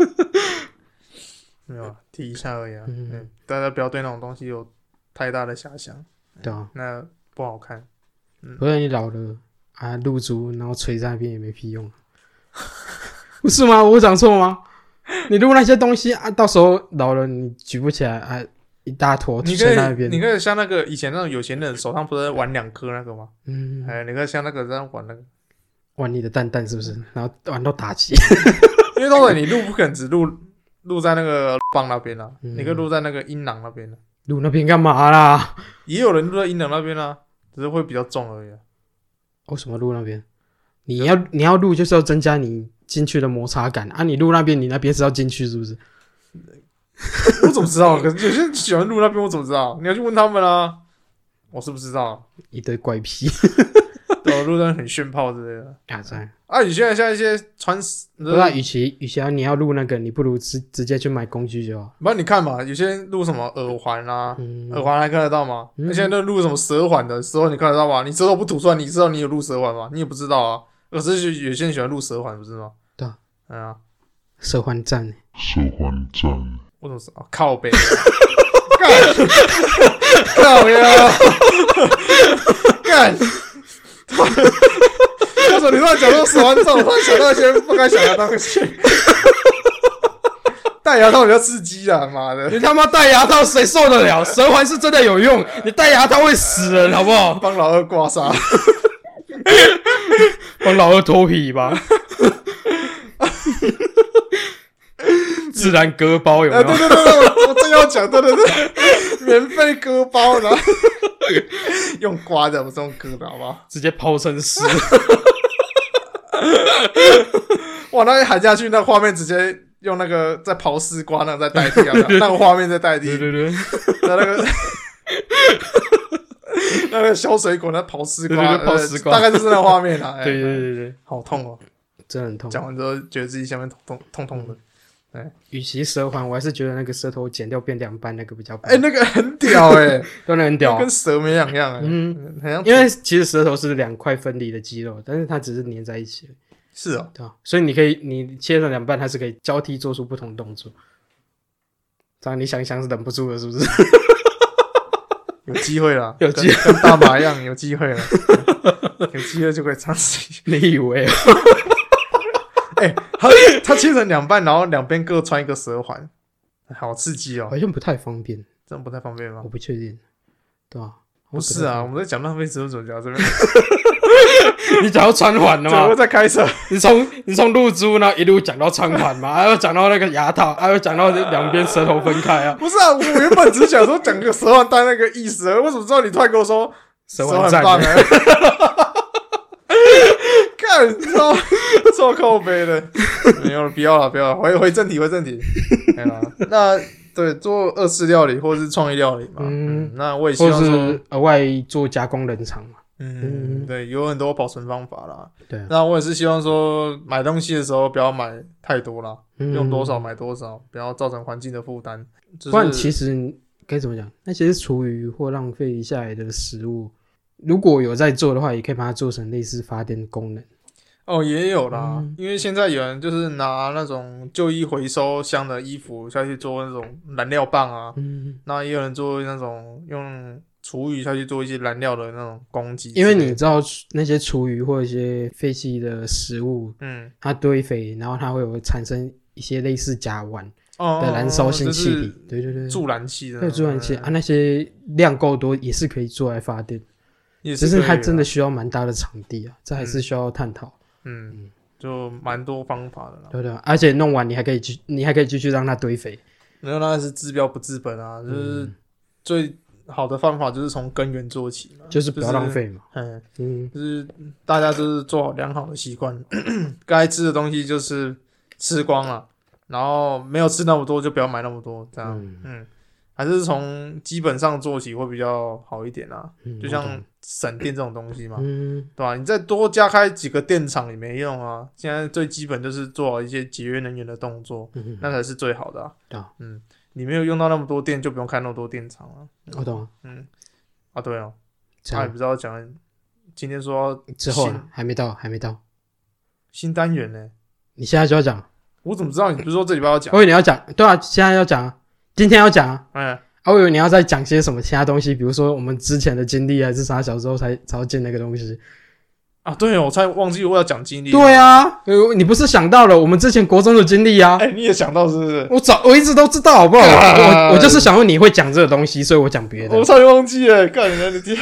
沒有啊，提一下而已啊。嗯，大家不要對那種東西有太大的遐想，嗯、對吧、啊？那不好看，嗯、不然你老了啊，入珠然後垂在那邊也沒屁用， 不是嗎？我講錯嗎？ 你露那些東西啊，到時候老了你舉不起來啊。一大坨在那邊，你可以像那個以前那種有錢人手上不是玩兩顆那個嗎？嗯，哎、欸，你可以像那個這樣玩那個，玩你的蛋蛋是不是？嗯、然後玩到打擊、嗯， 因為當然你錄不肯只錄，錄在那個棒那邊了、啊嗯，你可以錄在那個陰囊那邊了，錄那邊幹嘛啦？也有人錄在陰囊那邊啦、啊，只是會比較重而已、啊。為、哦、什麼錄那邊？你要你要錄就是要增加你進去的摩擦感啊！你錄那邊，你那邊是要進去是不是？ 哦、我怎麼知道？可是有些人喜歡錄那邊，我怎麼知道？你要去問他們啊！我是不是知道，一堆怪癖，對啊，錄的很炫炮之類的。 啊、啊、嗯，啊，你現在像一些穿，那、呃、與、啊、其與其你要錄那個，你不如直直接去買工具就好。不、啊、你看嘛，有些人錄什麼耳環啊，嗯、耳環還看得到嗎？那、嗯啊、現在錄什麼舌環的時候，你看得到嗎？你舌頭不吐出來，你知道你有錄舌環嗎？你也不知道啊。可是有些人喜歡錄舌環，不是嗎？對、嗯、啊，哎呀，舌環讚，舌環讚。我怎死、哦？靠背、啊！幹！ 靠呀！幹！ 我說你讓我講到死完之後，我突然想到一些不該想到的東西。 戴牙套比較刺激啦，媽的！你他媽戴牙套誰受得了？舌環是真的有用， 你戴牙套會死人， 好不好？幫老二刮痧。幫 老二脫皮吧。 自然割包有沒有、欸對對對？對對對，我我正要講，對對對，免費割包，然後 用刮的，不是用割的，好不好？直接刨成絲。哇！那一喊下去，那畫、個、面直接用那個在刨絲瓜，那在代替啊，那個畫 面在代替，對對對，對， 對，那個 那個削水果，那個、刨絲瓜，刨絲瓜，大概就是那畫面啊、欸！對對對對，好痛哦、喔，真的很痛。講完之後，覺得自己下面痛痛痛痛的。對，與其舌環，我還是覺得那個舌頭剪掉變兩半那個比較。哎、欸，那個很屌哎，真的，哦欸那個、很屌，跟蛇沒兩樣哎、欸。嗯很，因為其實舌頭是兩塊分離的肌肉，但是它只是粘在一起。是哦、喔，對啊、哦，所以你可以你切成兩半，它是可以交替做出不同動作。這樣你想一想是忍不住的是不是？ 有機會了，有機會啦跟， 跟大馬一樣有機會了，有機會， 會就可以嘗試你以為，喔。 哎、欸，他他切成兩半，然後兩邊各穿一個舌環，好刺激哦！好像不太方便，真的不太方便嗎？我不確定，對吧、啊？不是啊，我們在講浪費怎麼主角這邊， 你講到穿環了嗎？我在開車。你從你從入珠那一路講到穿環嘛， 還有講到那個牙套，還有講到兩邊舌頭分開啊？ 不是啊，我原本只想說講個舌環帶那個意思，我怎麼知道你突然跟我說舌環帶？ 操，做口碑的沒有了，不要了，不要了，回回正題，回正題。 對，那對做二次料理或是創意料理嘛。嗯，嗯，那我也希望說額外做加工冷藏嘛。嗯，嗯，對，有很多保存方法啦。對、啊，那我也是希望說買東西的時候不要買太多啦，嗯、用多少買多少，不要造成環境的負擔，就是。不然其實該怎麼講？那其實廚餘或浪費下來的食物，如果有在做的話，也可以把它做成類似發電的功能。哦，也有啦、嗯，因為現在有人就是拿那種舊衣回收箱的衣服下去做那種燃料棒啊，那、嗯、也有人做那種用廚餘下去做一些燃料的那種供給。因為你知道那些廚餘或一些廢棄的食物，嗯，它堆肥，然後它會有產生一些類似甲烷的燃燒性氣體、嗯助燃氣的，對對對，助燃氣的對對對助燃氣啊，那些量夠多也是可以做來發電，也是啊、只是它真的需要蠻大的場地啊，這還是需要探討。嗯嗯，就蠻多方法的啦。對，對對，而且弄完你還可以去，你還可以繼續讓它堆肥。沒有，那是治標不治本啊，嗯，就是最好的方法就是從根源做起，就是不要浪費嘛。嗯、就、嗯、是，就是大家就是做好良好的習慣，該、嗯、 吃的東西就是吃光了，然後沒有吃那麼多就不要買那麼多，這樣。嗯。嗯，還是從基本上做起會比較好一點啊，嗯，就像。省電這種東西嘛、嗯，對吧、啊？你再多加開幾個電廠也沒用啊！現在最基本就是做好一些節約能源的動作、嗯，那才是最好的啊嗯。嗯，你沒有用到那麼多電，就不用開那麼多電廠了、啊。我懂了。嗯、啊對啊，他也不知道講。今天說之後還沒到，還沒到。新單元呢、欸？你現在就要講？我怎麼知道？你不是說這禮拜要講？因你要講，對啊，現在要講、啊，今天要講、啊。哎、欸。我以為你要再講些什麼其他東西，比如說我們之前的經歷，還是啥？小時候才才要見那個東西啊？對，我差點忘記我要講經歷。對啊，你不是想到了我們之前國中的經歷啊？哎、欸，你也想到是不是？我早我一直都知道，好不好？啊、我、啊、我，我就是想問你會講這個東西，所以我講別的。我差點忘記了，看你的天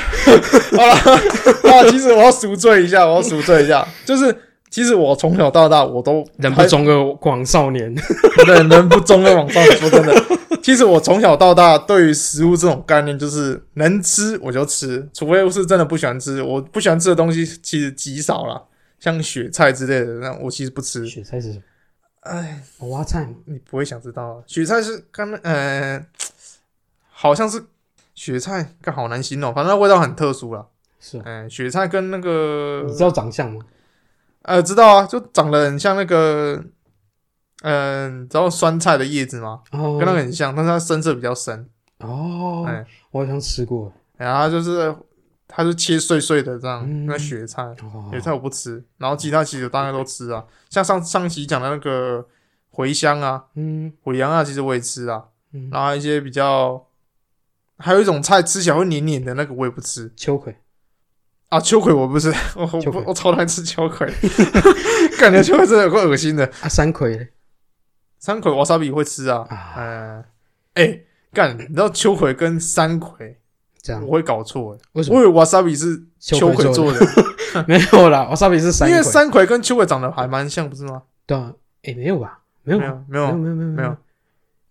啊！啊 好啦， 其實我要贖罪一下，我要贖罪一下， 就是。其實我從小到大我都人不中二枉少年 對，人人不中二枉少年。說真的， 其實我從小到大對於食物這種概念就是能吃我就吃，除非我是真的不喜歡吃。我不喜歡吃的東西其實極少了，像雪菜之類的，那我其實不吃。雪菜是什麼？哎，娃娃菜？你不會想知道？雪菜是剛……呃，好像是雪菜，但好難形容。反正那味道很特殊啦啊。是，哎，雪菜跟那個你知道長相嗎？呃，知道啊，就長得很像那個，嗯，知道酸菜的葉子嘛，oh. 跟那個很像，但是它深色比較深。哦，哎，我好像吃過。然、欸、後就是，它是切碎碎的這樣、嗯，那雪菜，雪菜我不吃。Oh. 然後其他其實我大概都吃啊，okay. 像上上期講的那個茴香啊，嗯，茴香啊，其實我也吃啊、嗯。然後一些比較，還有一種菜吃起來會黏黏的那個，我也不吃。秋葵。啊，秋葵我不是，我我我超難吃秋葵，感 覺 秋葵真的有夠惡心的。啊，山葵、葵，山葵瓦薩比會吃啊，啊嗯，哎、欸，幹，你知道秋葵跟山葵這樣，我會搞錯、欸、為什麼？我以為瓦薩比是秋葵做的，做的 沒有啦，瓦薩比是山葵，因為山葵跟秋葵長得還蠻像，不是嗎？對啊，哎、欸，沒有吧、啊？沒有，沒有，沒有，沒有，沒有，沒有。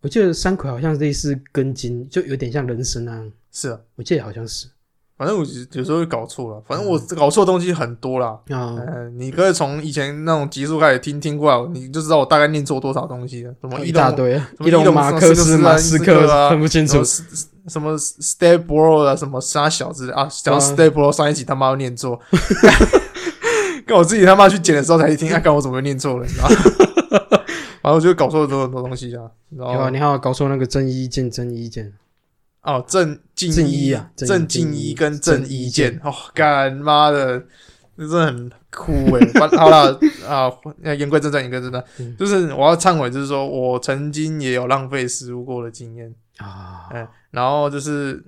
我記得山葵好像類似根莖，就有點像人參那樣。是啊，我記得好像是。反正我有有時候會搞錯了，反正我搞錯的東西很多啦。嗯，呃、你可以從以前那種集數開始聽聽過來，你就知道我大概念錯多少東西了。什麼一、哦、一大堆，一個馬克思，什麼思，思啊、馬斯克啊，分不清楚。什麼，麼 Stay Bro 啊，什麼傻小子啊，講 Stay Bro 上一集他媽要念錯。啊、 跟我自己他媽去剪的時候才去聽，看、啊、我怎麼會念錯了，你知道嗎？ 反正我就搞錯很多很多東西啊。你後、啊，你好，搞錯那個鄭伊健，鄭伊健。哦，鄭靜一,一啊，鄭靜一跟鄭一健，哦，幹媽的，這真的很酷哎！ 好了啊，言歸正傳，言歸正傳、嗯，就是我要懺悔，就是說我曾經也有浪費食物過的經驗啊、嗯，然後就是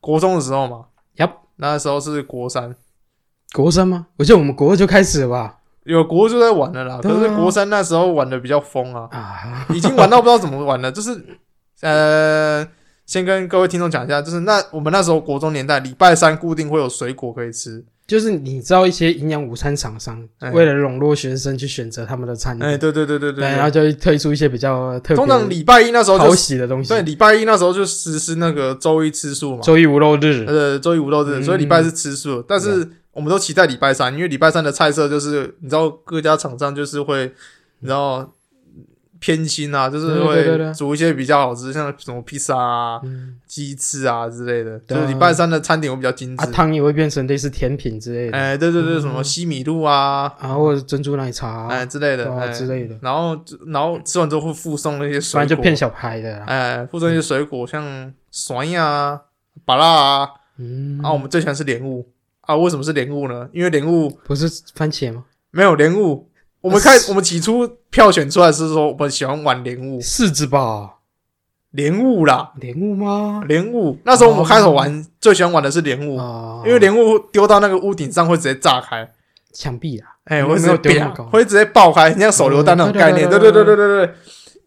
國中的時候嘛，呀、yep，那時候是國三，國三嗎？我記得我們國二就開始了吧？有國就在玩了啦，啊、可是國三那時候玩的比較瘋啊，啊，已經玩到不知道怎麼玩了，就是呃。先跟各位聽眾講一下，就是那我們那時候國中年代，禮拜三固定會有水果可以吃。就是你知道一些營養午餐廠商、欸、為了籠絡學生去選擇他們的餐點、欸，對對對對對,對,對,對，然後就推出一些比較特別，通常禮拜一那時候討、就是、喜的東西。對，禮拜一那時候就實施那個周一吃素嘛，周一無肉日。呃、嗯，周一無肉日，所以禮拜是吃素、嗯，但是我們都期待禮拜三，因為禮拜三的菜色就是你知道各家廠商就是會，然、嗯、道偏心啊，就是會煮一些比較好吃，對對對對，像什麼披薩、啊、雞、嗯、翅啊之類的。就是禮拜三的餐點，會比較精緻、啊。湯也會變成類似甜品之類的。哎、欸，對對對，嗯、什麼西米露啊，然、啊、後珍珠奶茶啊、欸、之類的、啊欸、之類的。然後，然後吃完之後會附送那些水果，反正就騙小孩的。哎、欸，附送一些水果，嗯、像酸呀、啊、芭樂啊。嗯。啊，我們最喜歡是蓮霧。啊，為什麼是蓮霧呢？因為蓮霧不是番茄嗎？沒有蓮霧。我們開，我們起初票選出來是說我們喜歡玩蓮霧，是吧？蓮霧啦，蓮霧嗎？蓮霧。那時候我們開始玩、嗯，最喜歡玩的是蓮霧、嗯，因為蓮霧丟到那個屋頂上會直接炸開牆壁啊！哎、欸欸，我沒有丟，會直接爆開，你像手榴彈那種概念、哦。對對對對對對，對，對，對。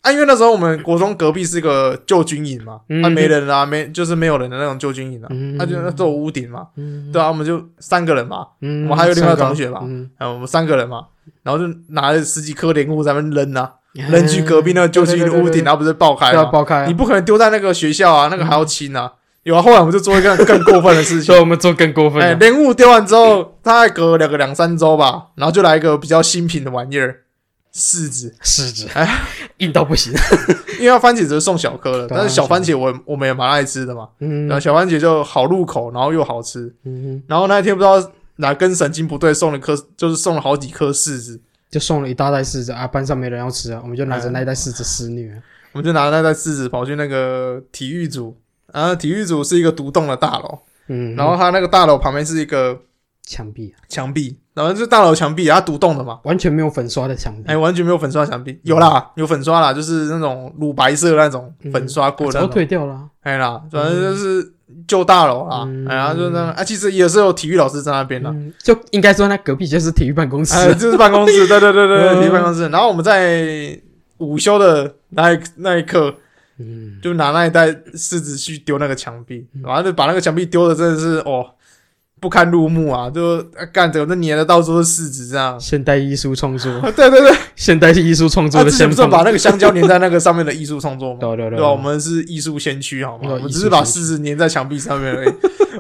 啊，因為那時候我們國中隔壁是一個舊軍營嘛，它、嗯啊、沒人啊，沒就是沒有人的那種舊軍營啊，他、嗯啊、就那做屋頂嘛，嗯，對啊，我們就三個人嘛，嗯，我們還有另外一個同學嘛，嗯，我們三個人嘛，然後就拿了十幾顆蓮霧在那扔啊。扔，嗯，去隔壁那個舊軍營的屋頂，然後不是爆開，對對對對是爆開對，爆開，啊，你不可能丟在那個學校啊，那個還要清啊，嗯，有啊，後來我們就做一個更過分的事情， 所以我們做更過分的，欸，蓮霧丟完之後，大，嗯、概隔了個兩三週吧，然後就來一個比較新品的玩意兒。柿子、柿子，哎，硬到不行，因為番茄只是送小顆了、 啊，但是小番茄我、嗯、我們也蠻愛吃的嘛、嗯，然後小番茄就好入口，然後又好吃，嗯、哼然後那一天不知道哪根神經不對，送了顆，就是送了好幾顆柿子，就送了一大袋柿子啊，班上沒人要吃，啊，我們就拿着那袋柿子肆虐、哎，我們就拿着那袋柿子跑去那個體育組啊，體育組是一個獨棟的大樓，嗯，然後它那個大樓旁邊是一個牆壁，、啊、牆壁，牆壁。然、啊、後就是大樓牆壁，它獨棟的嘛，完全沒有粉刷的牆壁，哎、欸，完全沒有粉刷牆壁，有啦，有粉刷啦，就是那種乳白色的那種粉刷過的，嗯、退掉了、啊，哎啦，反正就是舊大樓、嗯欸、啊，然後就那，啊，其實也是有體育老師在那邊的、嗯，就應該說那隔壁就是體育辦公室，哎、欸，就是辦公室， 對對對對，對、嗯，體育辦公室。然後我們在午休的那一那一刻、嗯，就拿那一袋柿子去丟那個牆壁，然、嗯、後、啊、就把那個牆壁丟的真的是哦。不堪入目啊！就乾着，那粘的到處都是柿子，這樣。現代藝術創作、啊。對對對，現代是藝術創作的們、啊、作，是把那個香蕉粘 在那個上面的藝術創作嘛。 對對對，對吧，我們是藝術先驅，好嗎、嗯？我們只是把柿子粘在牆壁上面而已，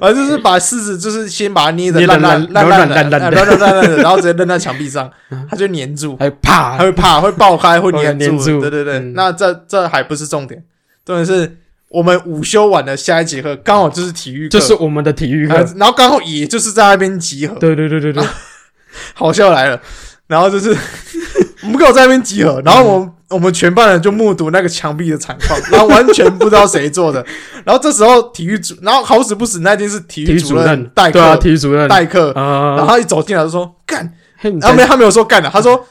啊，就是把柿子，就是先把它捏的爛爛爛爛爛爛爛爛爛的，然後直接扔在牆壁上，它就粘住，還啪，還會啪，會爆開，會粘粘住。對對對，那這這還不是重點，重點是。我們午休完的下一節課剛好就是體育課，這、就是我們的體育課、啊，然後剛好也就是在那邊集合。對對對對對、啊，好笑來了，然後就是 我們剛好在那邊集合，然後我們 我們全班人就目睹那個牆壁的慘況，然後完全不知道誰做的。 然後這時候體育組然後好死不死那一天是體育主任代課，體育主任、啊、體育主任代課、呃，然後他一走進來就說幹，然、嗯、後、啊、沒他沒有說幹的，他說，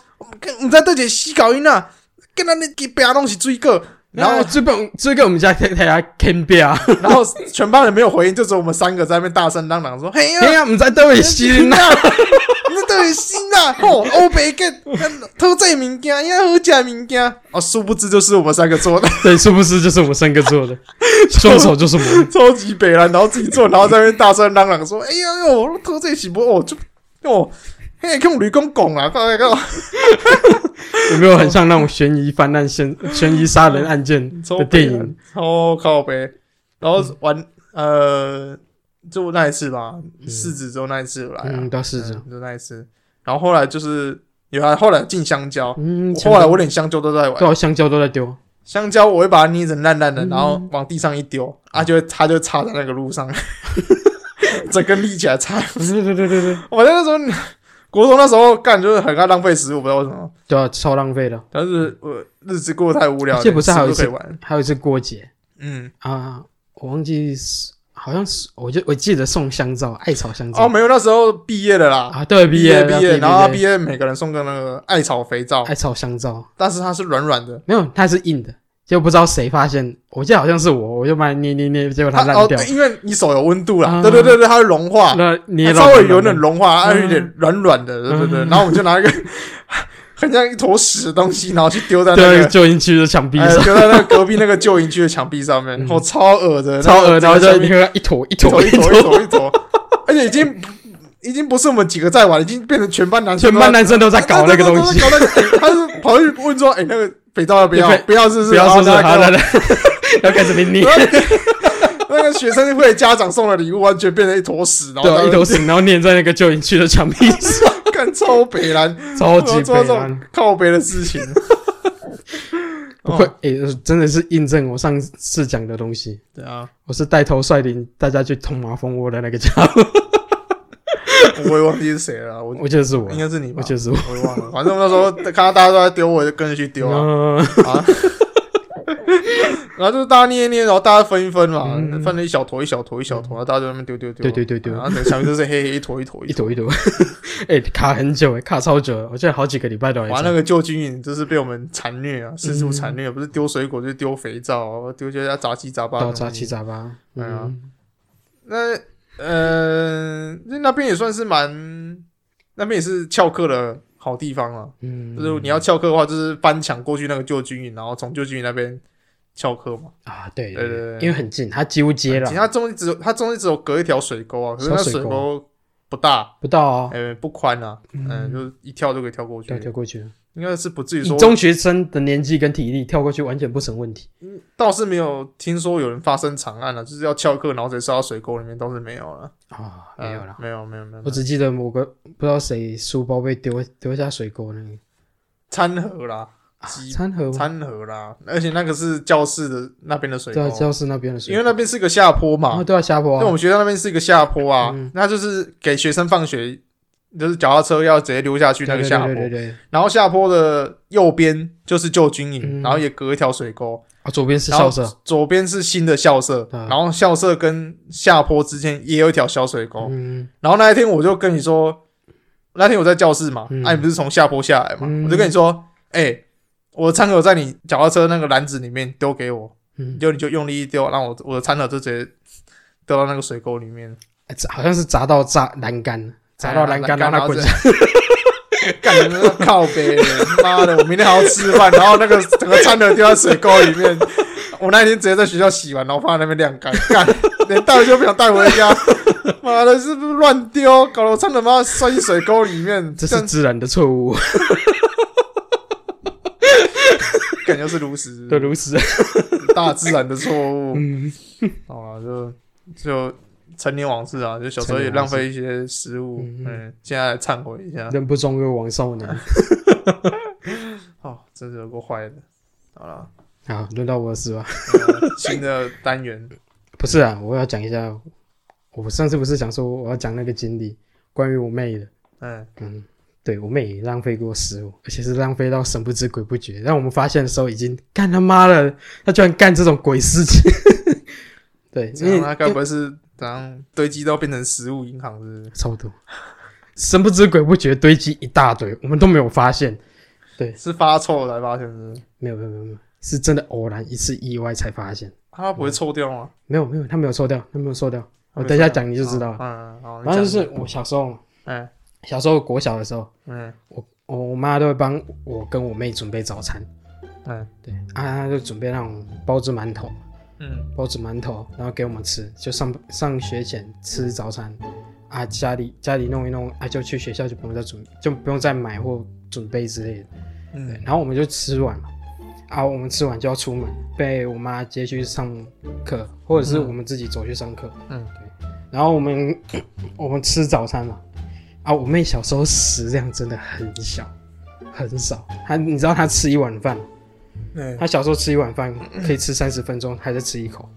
唔 在多姐死狗音啦，跟咱你幾餅東西追個然後最本最跟我們家台台下 Ken 表，然後全班人沒有回應，就只有我們三個在那邊大聲嚷嚷說：“ 嘿呀，我們在逗我心我們在對我心啊？吼，歐、 哦、北個偷竊物件也好假物件啊！”啊、哦、殊不知就是我們三個做的，對，殊不知就是我們三個做的，雙 手就是我們超級北啦，然後自己做，然後在那邊大聲嚷嚷說：“哎呀，我偷竊起不哦就哦，就嘿用驢公拱啊！”哈哈哈。有沒有很像那種懸疑犯案懸懸疑殺人案件的電影？超、啊、超靠北，然後玩、嗯、呃，就那一次吧，柿、嗯、子之後那一次來啊，嗯、到柿子就那一次，然後後來就是有啊，後來進香蕉，嗯，後來我連香蕉都在玩，對，香蕉都在丟，香蕉我會把它捏成爛爛的，然後往地上一丟、嗯，啊就會，就它就插在那個路上， 整個立起來插，對對對對對，我在那個時候。國中那時候幹，就是很愛浪費食物，不知道為什麼。對啊，超浪費的。但是我、嗯、日子過得太無聊，了。這不是還有一次，玩還有一次過節，嗯啊，我忘記，好像是，我就我記得送香皂，艾草香皂。哦，沒有，那時候畢業的啦，啊，對，畢業畢業了，然後畢業，畢業，畢業每個人送個那個艾草肥皂、艾草香皂，但是它是軟軟的，沒有，它是硬的。就不知道誰發現，我記得好像是我，我就把它捏捏捏，結果它爛掉了、啊哦。因為你手有溫度了、嗯，對對對對，它會融化。那、嗯、捏，了、啊。稍微有點融化，嗯、有一點軟軟的、嗯，對對對。然後我們就拿一個、嗯、呵呵呵很像一坨屎的東西，然後去丟在那個、啊、救營區的牆壁上，丟、欸、在那個隔壁那個救營區的牆壁上面。然、嗯、後、喔、超惡的。那個、面超惡心，在那邊一坨一坨一坨一坨一坨，而且已經已經不是我們幾個在玩，已經變成全班男生，全班男生都在，、欸、都在搞那個東西。他是跑去問說：“哎，那個。”北道要不要？不要是不是？不要是不是？好了、啊，好了，要開始你捏那。那個學生會家長送的禮物，完全變成一坨屎，然後對、啊、一坨屎，然後粘在那個舊營區的牆壁上，幹超北藍，超級北藍，靠北的事情。哎、哦，欸、我真的是印證我上次講的東西。對啊，我是帶頭率領大家去捅馬蜂窩的那個傢伙。我也忘記是誰了啦，我覺得是我，應該是你，我覺得是我，我也忘了。反正那時候看到大家都在丟，我就跟着去丟啊。 啊 然後就是大家捏捏，然後大家分一分嘛，分、嗯、了一小坨一小坨一小坨，小坨嗯、然後大家就在那邊丟丢丢，對對對對、啊，然後等下面就是黑黑一坨 一坨一坨一坨。哎、 欸，卡很久哎，卡超久了，我記得好幾個禮拜都還。玩、啊、那個舊軍營，就是被我們殘虐啊，四處殘虐、嗯，不是丟水果就丟肥皂，丟些雜七雜八的東西，雜七雜八。嗯，那、啊。嗯呃、嗯，那邊也算是蠻，那邊也是翹課的好地方啊。嗯，就是你要翹課的話，就是翻牆過去那個舊軍營，然後從舊軍營那邊翹課嘛。啊對對對，對對對，因為很近，它幾乎接了，其實中間只它中間只有隔一條水溝啊，可是他水溝不大，不大啊、哦，呃、嗯、不寬啊，嗯，嗯就是一跳就可以跳過去，對跳過去了。應該是不至於說，中學生的年紀跟體力跳過去完全不成問題。倒是沒有聽說有人發生慘案了，啊，就是要翹課然後才殺到水溝裡面，倒是沒有了。啊，哦，沒有了，呃、沒有沒有沒有。我只記得某個不知道誰書包被丟丟下水溝那裡，餐盒啦，啊，餐盒餐盒啦，而且那個是教室的那邊的水溝對，啊，教室那邊的水，因為那邊是個下坡嘛，哦，對啊下坡啊。但我們學校那邊是一個下坡啊，嗯，那就是給學生放學。就是腳踏車要直接溜下去那個下坡對對對對對對對對，然後下坡的右邊就是舊軍營、嗯，然後也隔一條水溝、嗯、啊。左邊是校舍，左邊是新的校舍、嗯，然後校舍跟下坡之間也有一條小水溝、嗯。然後那一天我就跟你說，那天我在教室嘛，嗯啊、你不是從下坡下來嘛，嗯、我就跟你說，哎、欸，我的餐盒在你腳踏車那個籃子裡面丟給我，你、嗯、就你就用力一丟，然後我我的餐盒就直接丟到那個水溝裡面，好像是砸到炸欄杆。砸到欄杆、啊，然後滾下，幹你們靠邊！媽的，我明天還要吃飯。然後那個整個餐的丟在水溝裡面，我那天直接在學校洗完，然後放在那邊晾乾，幹連帶了就不想帶回家。媽的，是不是亂丟？搞得我餐的媽的摔進水溝裡面，這是自然的錯誤。感覺是如此，對，如實，大自然的錯誤。嗯，好啊，就就。陳年往事啊，就小時候也浪費一些食物，嗯，嗯，現在來懺悔一下。人不中二枉少年， 哦，真是個壞的。好了，好，輪到我的是吧，嗯？新的單元 不是啊，我要講一下，我上次不是想說我要講那個經歷，關於我妹的，嗯嗯，對，我妹也浪費過食物，而且是浪費到神不知鬼不覺，讓我們發現的時候已經乾他媽了，他居然幹這種鬼事情。 對，然後他該不會是。當堆積到變成食物銀行是臭土。差不多，神 不知鬼不覺堆積一大堆，我們都沒有發現。對，是發臭了才發現是，是？沒有沒有沒有沒有，是真的偶然一次意外才發現。它、啊、不會臭掉嗎？沒、嗯、有沒有，它沒，沒有臭掉，它沒有臭掉，他沒臭掉。我等一下講你就知道。嗯，好。然後就是我小時候，嗯，小時候國小的時候，嗯，我我我媽都會幫我跟我妹準備早餐。嗯，對，啊，他就準備那種包子饅頭。嗯，包子、饅頭，然後給我們吃，就上上學前吃早餐，啊，家裡家裡弄一弄，啊，就去學校就不用再準，就不用再買或準備之類的，嗯，然後我們就吃完了，啊，我們吃完就要出門，被我媽接去上課，或者是我們自己走去上課，嗯，對，然後我們我們吃早餐嘛，啊，我妹小時候食量真的很小，很少，她，你知道她吃一碗飯。欸、他小時候吃一碗飯可以吃三十分鐘，嗯，還是吃一口。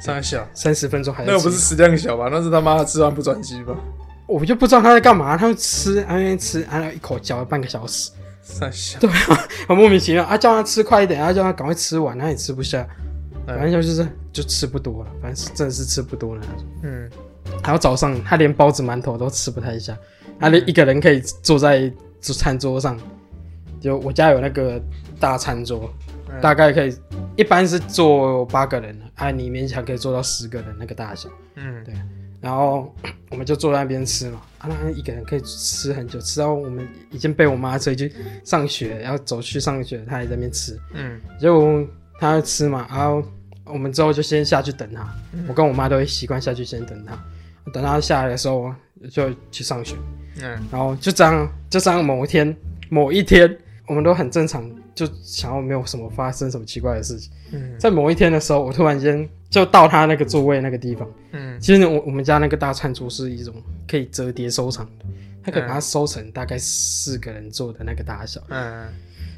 三小，三十分鐘還是。那不是時間很小吧？那是他媽吃飯不專心吧？ 我就不知道他在幹嘛，他吃，他吃，他、啊、一口嚼了半個小時。三小，對啊，很莫名其妙啊，叫他吃快一點，他、啊、叫他趕快吃完，他也吃不下。欸、反正就是就吃不多了，反正真的是吃不多了。嗯，然後早上他連包子饅頭都吃不太下，他、嗯啊、一個人可以坐在餐桌上，就我家有那個。大餐桌大概可以一般是坐八個人，按、啊、你勉強可以坐到十個人那個大小。嗯，對。然後我們就坐在那邊吃嘛，他、啊、一個人可以吃很久，吃到我們已經被我媽催去上學，然、嗯、後走去上學，她還在那邊吃。嗯，就她要吃嘛，然後我們之後就先下去等她，嗯、我跟我媽都會習慣下去先等她，等她下來的時候就去上學。嗯，然後就這樣，就這樣某天某一天我們都很正常。就想要沒有什麼發生什麼奇怪的事情。嗯，在某一天的時候，我突然間就到他那個座位那個地方。嗯，其實我我們家那個大餐桌是一種可以折疊收藏的，他可以把它收成大概四個人坐的那個大小。嗯，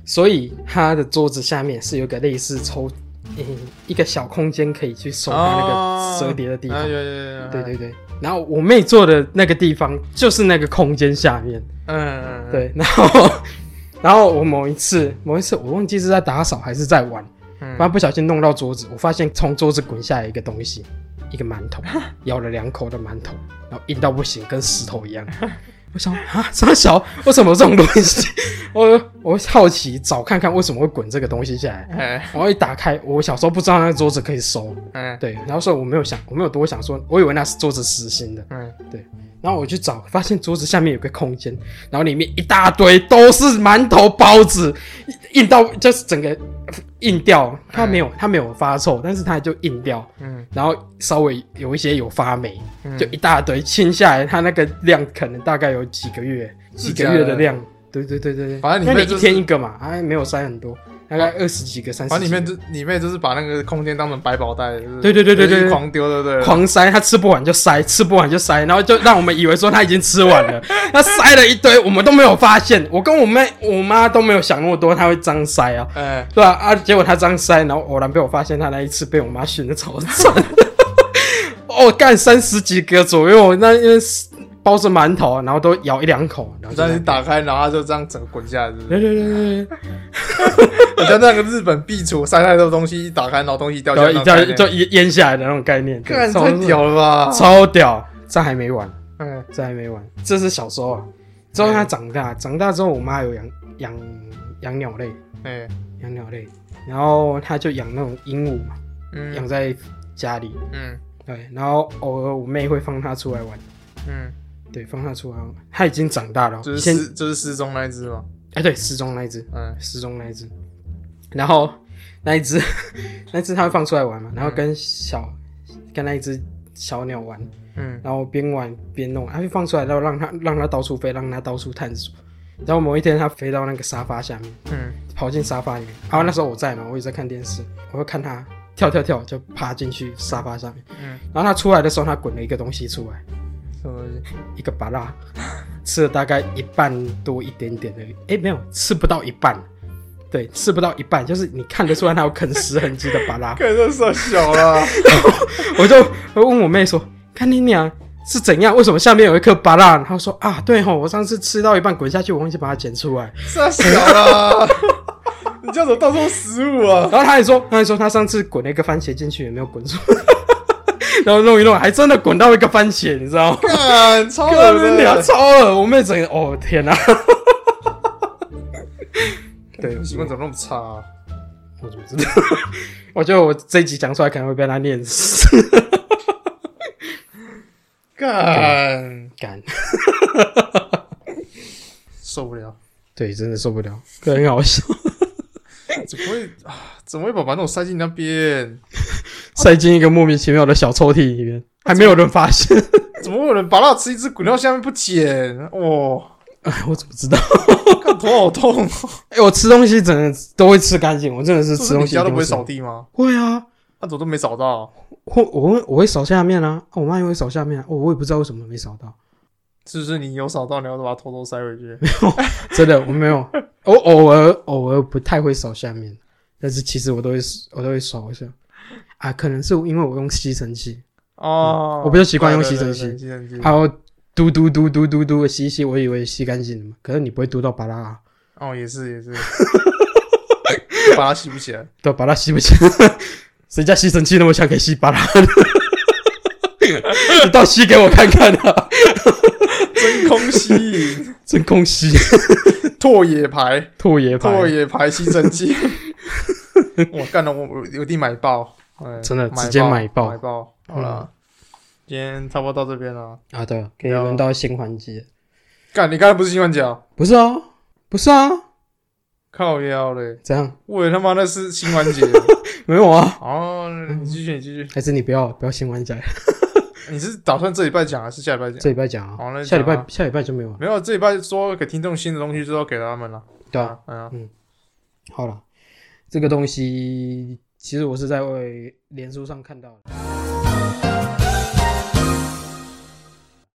所以他的桌子下面是有個類似抽，嗯，一個小空間，可以去收他那個折疊的地方。哦，哎呀呀呀。對對對，然後我妹坐的那個地方就是那個空間下面。嗯，對，然後。 然後我某一次，某一次我忘記是在打掃還是在玩，嗯、不然後不小心弄到桌子，我發現從桌子滾下來一個東西，一個饅頭、啊，咬了兩口的饅頭，然後硬到不行，跟石頭一樣。啊、我想啊，這麼小，為什麼這種東西？ 我我好奇找看看為什麼會滾這個東西下來、嗯。然後一打開，我小時候不知道那個桌子可以收，嗯、對，然後所以我沒有想，我沒有多想說，說我以為那是桌子實心的，嗯，對。然後我去找，發現桌子下面有個空間，然後裡面一大堆都是饅頭包子，硬到就是整個硬掉。它沒有、嗯，它沒有發臭，但是它就硬掉。嗯，然後稍微有一些有發霉，嗯、就一大堆清下來，它那個量可能大概有幾個月，幾個月的量。對對對對，反正、就是、你一天一個嘛，啊、哎，沒有塞很多。大概二十幾個，三十幾個。把、啊、裡面，這裡面就是把那個空間當成百寶袋是不是，對對對對對，狂丟對對,、就是狂對，狂塞。他吃不完就塞，吃不完就塞，然後就讓我們以為說他已經吃完了。 他塞了一堆，我們都沒有發現。我跟我妹、我媽都沒有想那麼多，他會張塞啊，欸、對啊,啊，結果他張塞，然後偶然被我發現，他那一次被我媽訓的超慘。 哦，幹三十幾個左右，因為我那因為包着饅頭，然後都咬一兩口，然後再打開，然後他就這樣整個滾下來是是，對對對對。 我 在那個日本壁櫥塞太多東西，一打開，然後東西掉下來，一掉 就淹下來的那種概念。看你太屌了吧，超屌！這還沒完，嗯、okay.，這還沒完。這是小時候，啊，之後它長大、欸，長大之後我媽，我媽有養養養鳥類，嗯、欸，養鳥類，然後他就養那種鸚鵡嘛，嗯，養在家裡，嗯，對，然後偶爾我妹會放它出來玩，嗯，對，放它出來玩。它已經長大了，就是失，就是失蹤那只了，哎、欸，對，失蹤那只，嗯、欸，失蹤那只。然後那一隻， 那一隻他會放出來玩嘛、嗯？然後跟小，跟那一隻小鳥玩，嗯，然後邊玩邊弄，它就放出來，然後讓它讓它到處飛，讓它到處探索。然後某一天它飛到那個沙發下面，嗯，跑進沙發裡面。然後那時候我在嘛，我一直在看電視，我就看它跳跳跳，就爬進去沙發上面，嗯。然後它出來的時候，它滾了一個東西出來，說、嗯、一個巴拉， 吃了大概一半多一點點的，誒，沒有，吃不到一半。對，吃不到一半，就是你看得出來它有啃食痕跡的巴拉。可是這色小了， 然後我就我問我妹說：“看你娘是怎樣？為什麼下面有一顆巴拉？”然後說：“啊，對哈，我上次吃到一半滾下去，我忘記把它撿出來。”色小了， 你叫什麼倒空食物啊？然後她還說，她還說她上次滾了一個番茄進去也沒有滾出來。 然後弄一弄，還真的滾到一個番茄，你知道嗎？看超了，看你娘超了，我妹整個哦天哪、啊！對，我習慣怎麼那麼差、啊？我怎麼知道 我覺得我這一集講出來可能會被他念死 幹對。幹幹， 受不了！對，真的受不了，可很好笑？怎麼會啊？怎麼會把饅頭塞進那邊？塞進一個莫名其妙的小抽屜裡面、啊，還沒有人發現怎？ 怎麼會有人把那吃一隻骨頭下面不撿？哇、哦！哎、啊，我怎麼知道？ 看頭好痛。哎、欸，我吃東西真的都會吃乾淨，我真的是吃東西家裡都不會掃地嗎？會啊，那怎麼都沒掃到。我我我會掃下面啊，哦、我媽也會掃下面啊，我、哦、我也不知道為什麼沒掃到。是、就、不是你有掃到，你要把它偷偷塞回去？沒有，真的我沒有。 我偶爾偶爾不太會掃下面，但是其實我都會我都會掃一下。啊，可能是因為我用吸塵器哦、嗯，我比較習慣用吸塵器,、哦、器。吸塵器，還有。嘟嘟嘟嘟嘟嘟吸吸，我以為吸乾淨了嘛，可是你不會嘟到巴拉、啊。哦，也是也是， 欸、把它吸不起來，對，把它吸不起來。誰 家吸塵器那麼強，可以吸巴拉？ 你倒吸給我看看啊！ 真空吸引，真空吸， 拓野牌，拓野牌，拓野牌吸塵器。我 幹了，我我我，我買一買爆，真的直接買爆，買爆，好了。嗯今天差不多到這邊了啊，對，可以輪到新環節。幹，你剛才不是新環節、啊？不是啊、喔，不是啊，靠腰嘞。怎樣？喂他媽那是新環節，沒有啊。哦，你繼續，你繼續、嗯。還是你不要，不要新環節。環節 你是打算這禮拜講還是下禮拜講？這禮拜講啊、哦。好，那個啊、下禮拜，下禮拜就沒有、啊。沒有，這禮拜說給聽眾新的東西，就都給他們了、啊啊。對啊，嗯嗯。好了，這個東西其實我是在為臉書上看到的。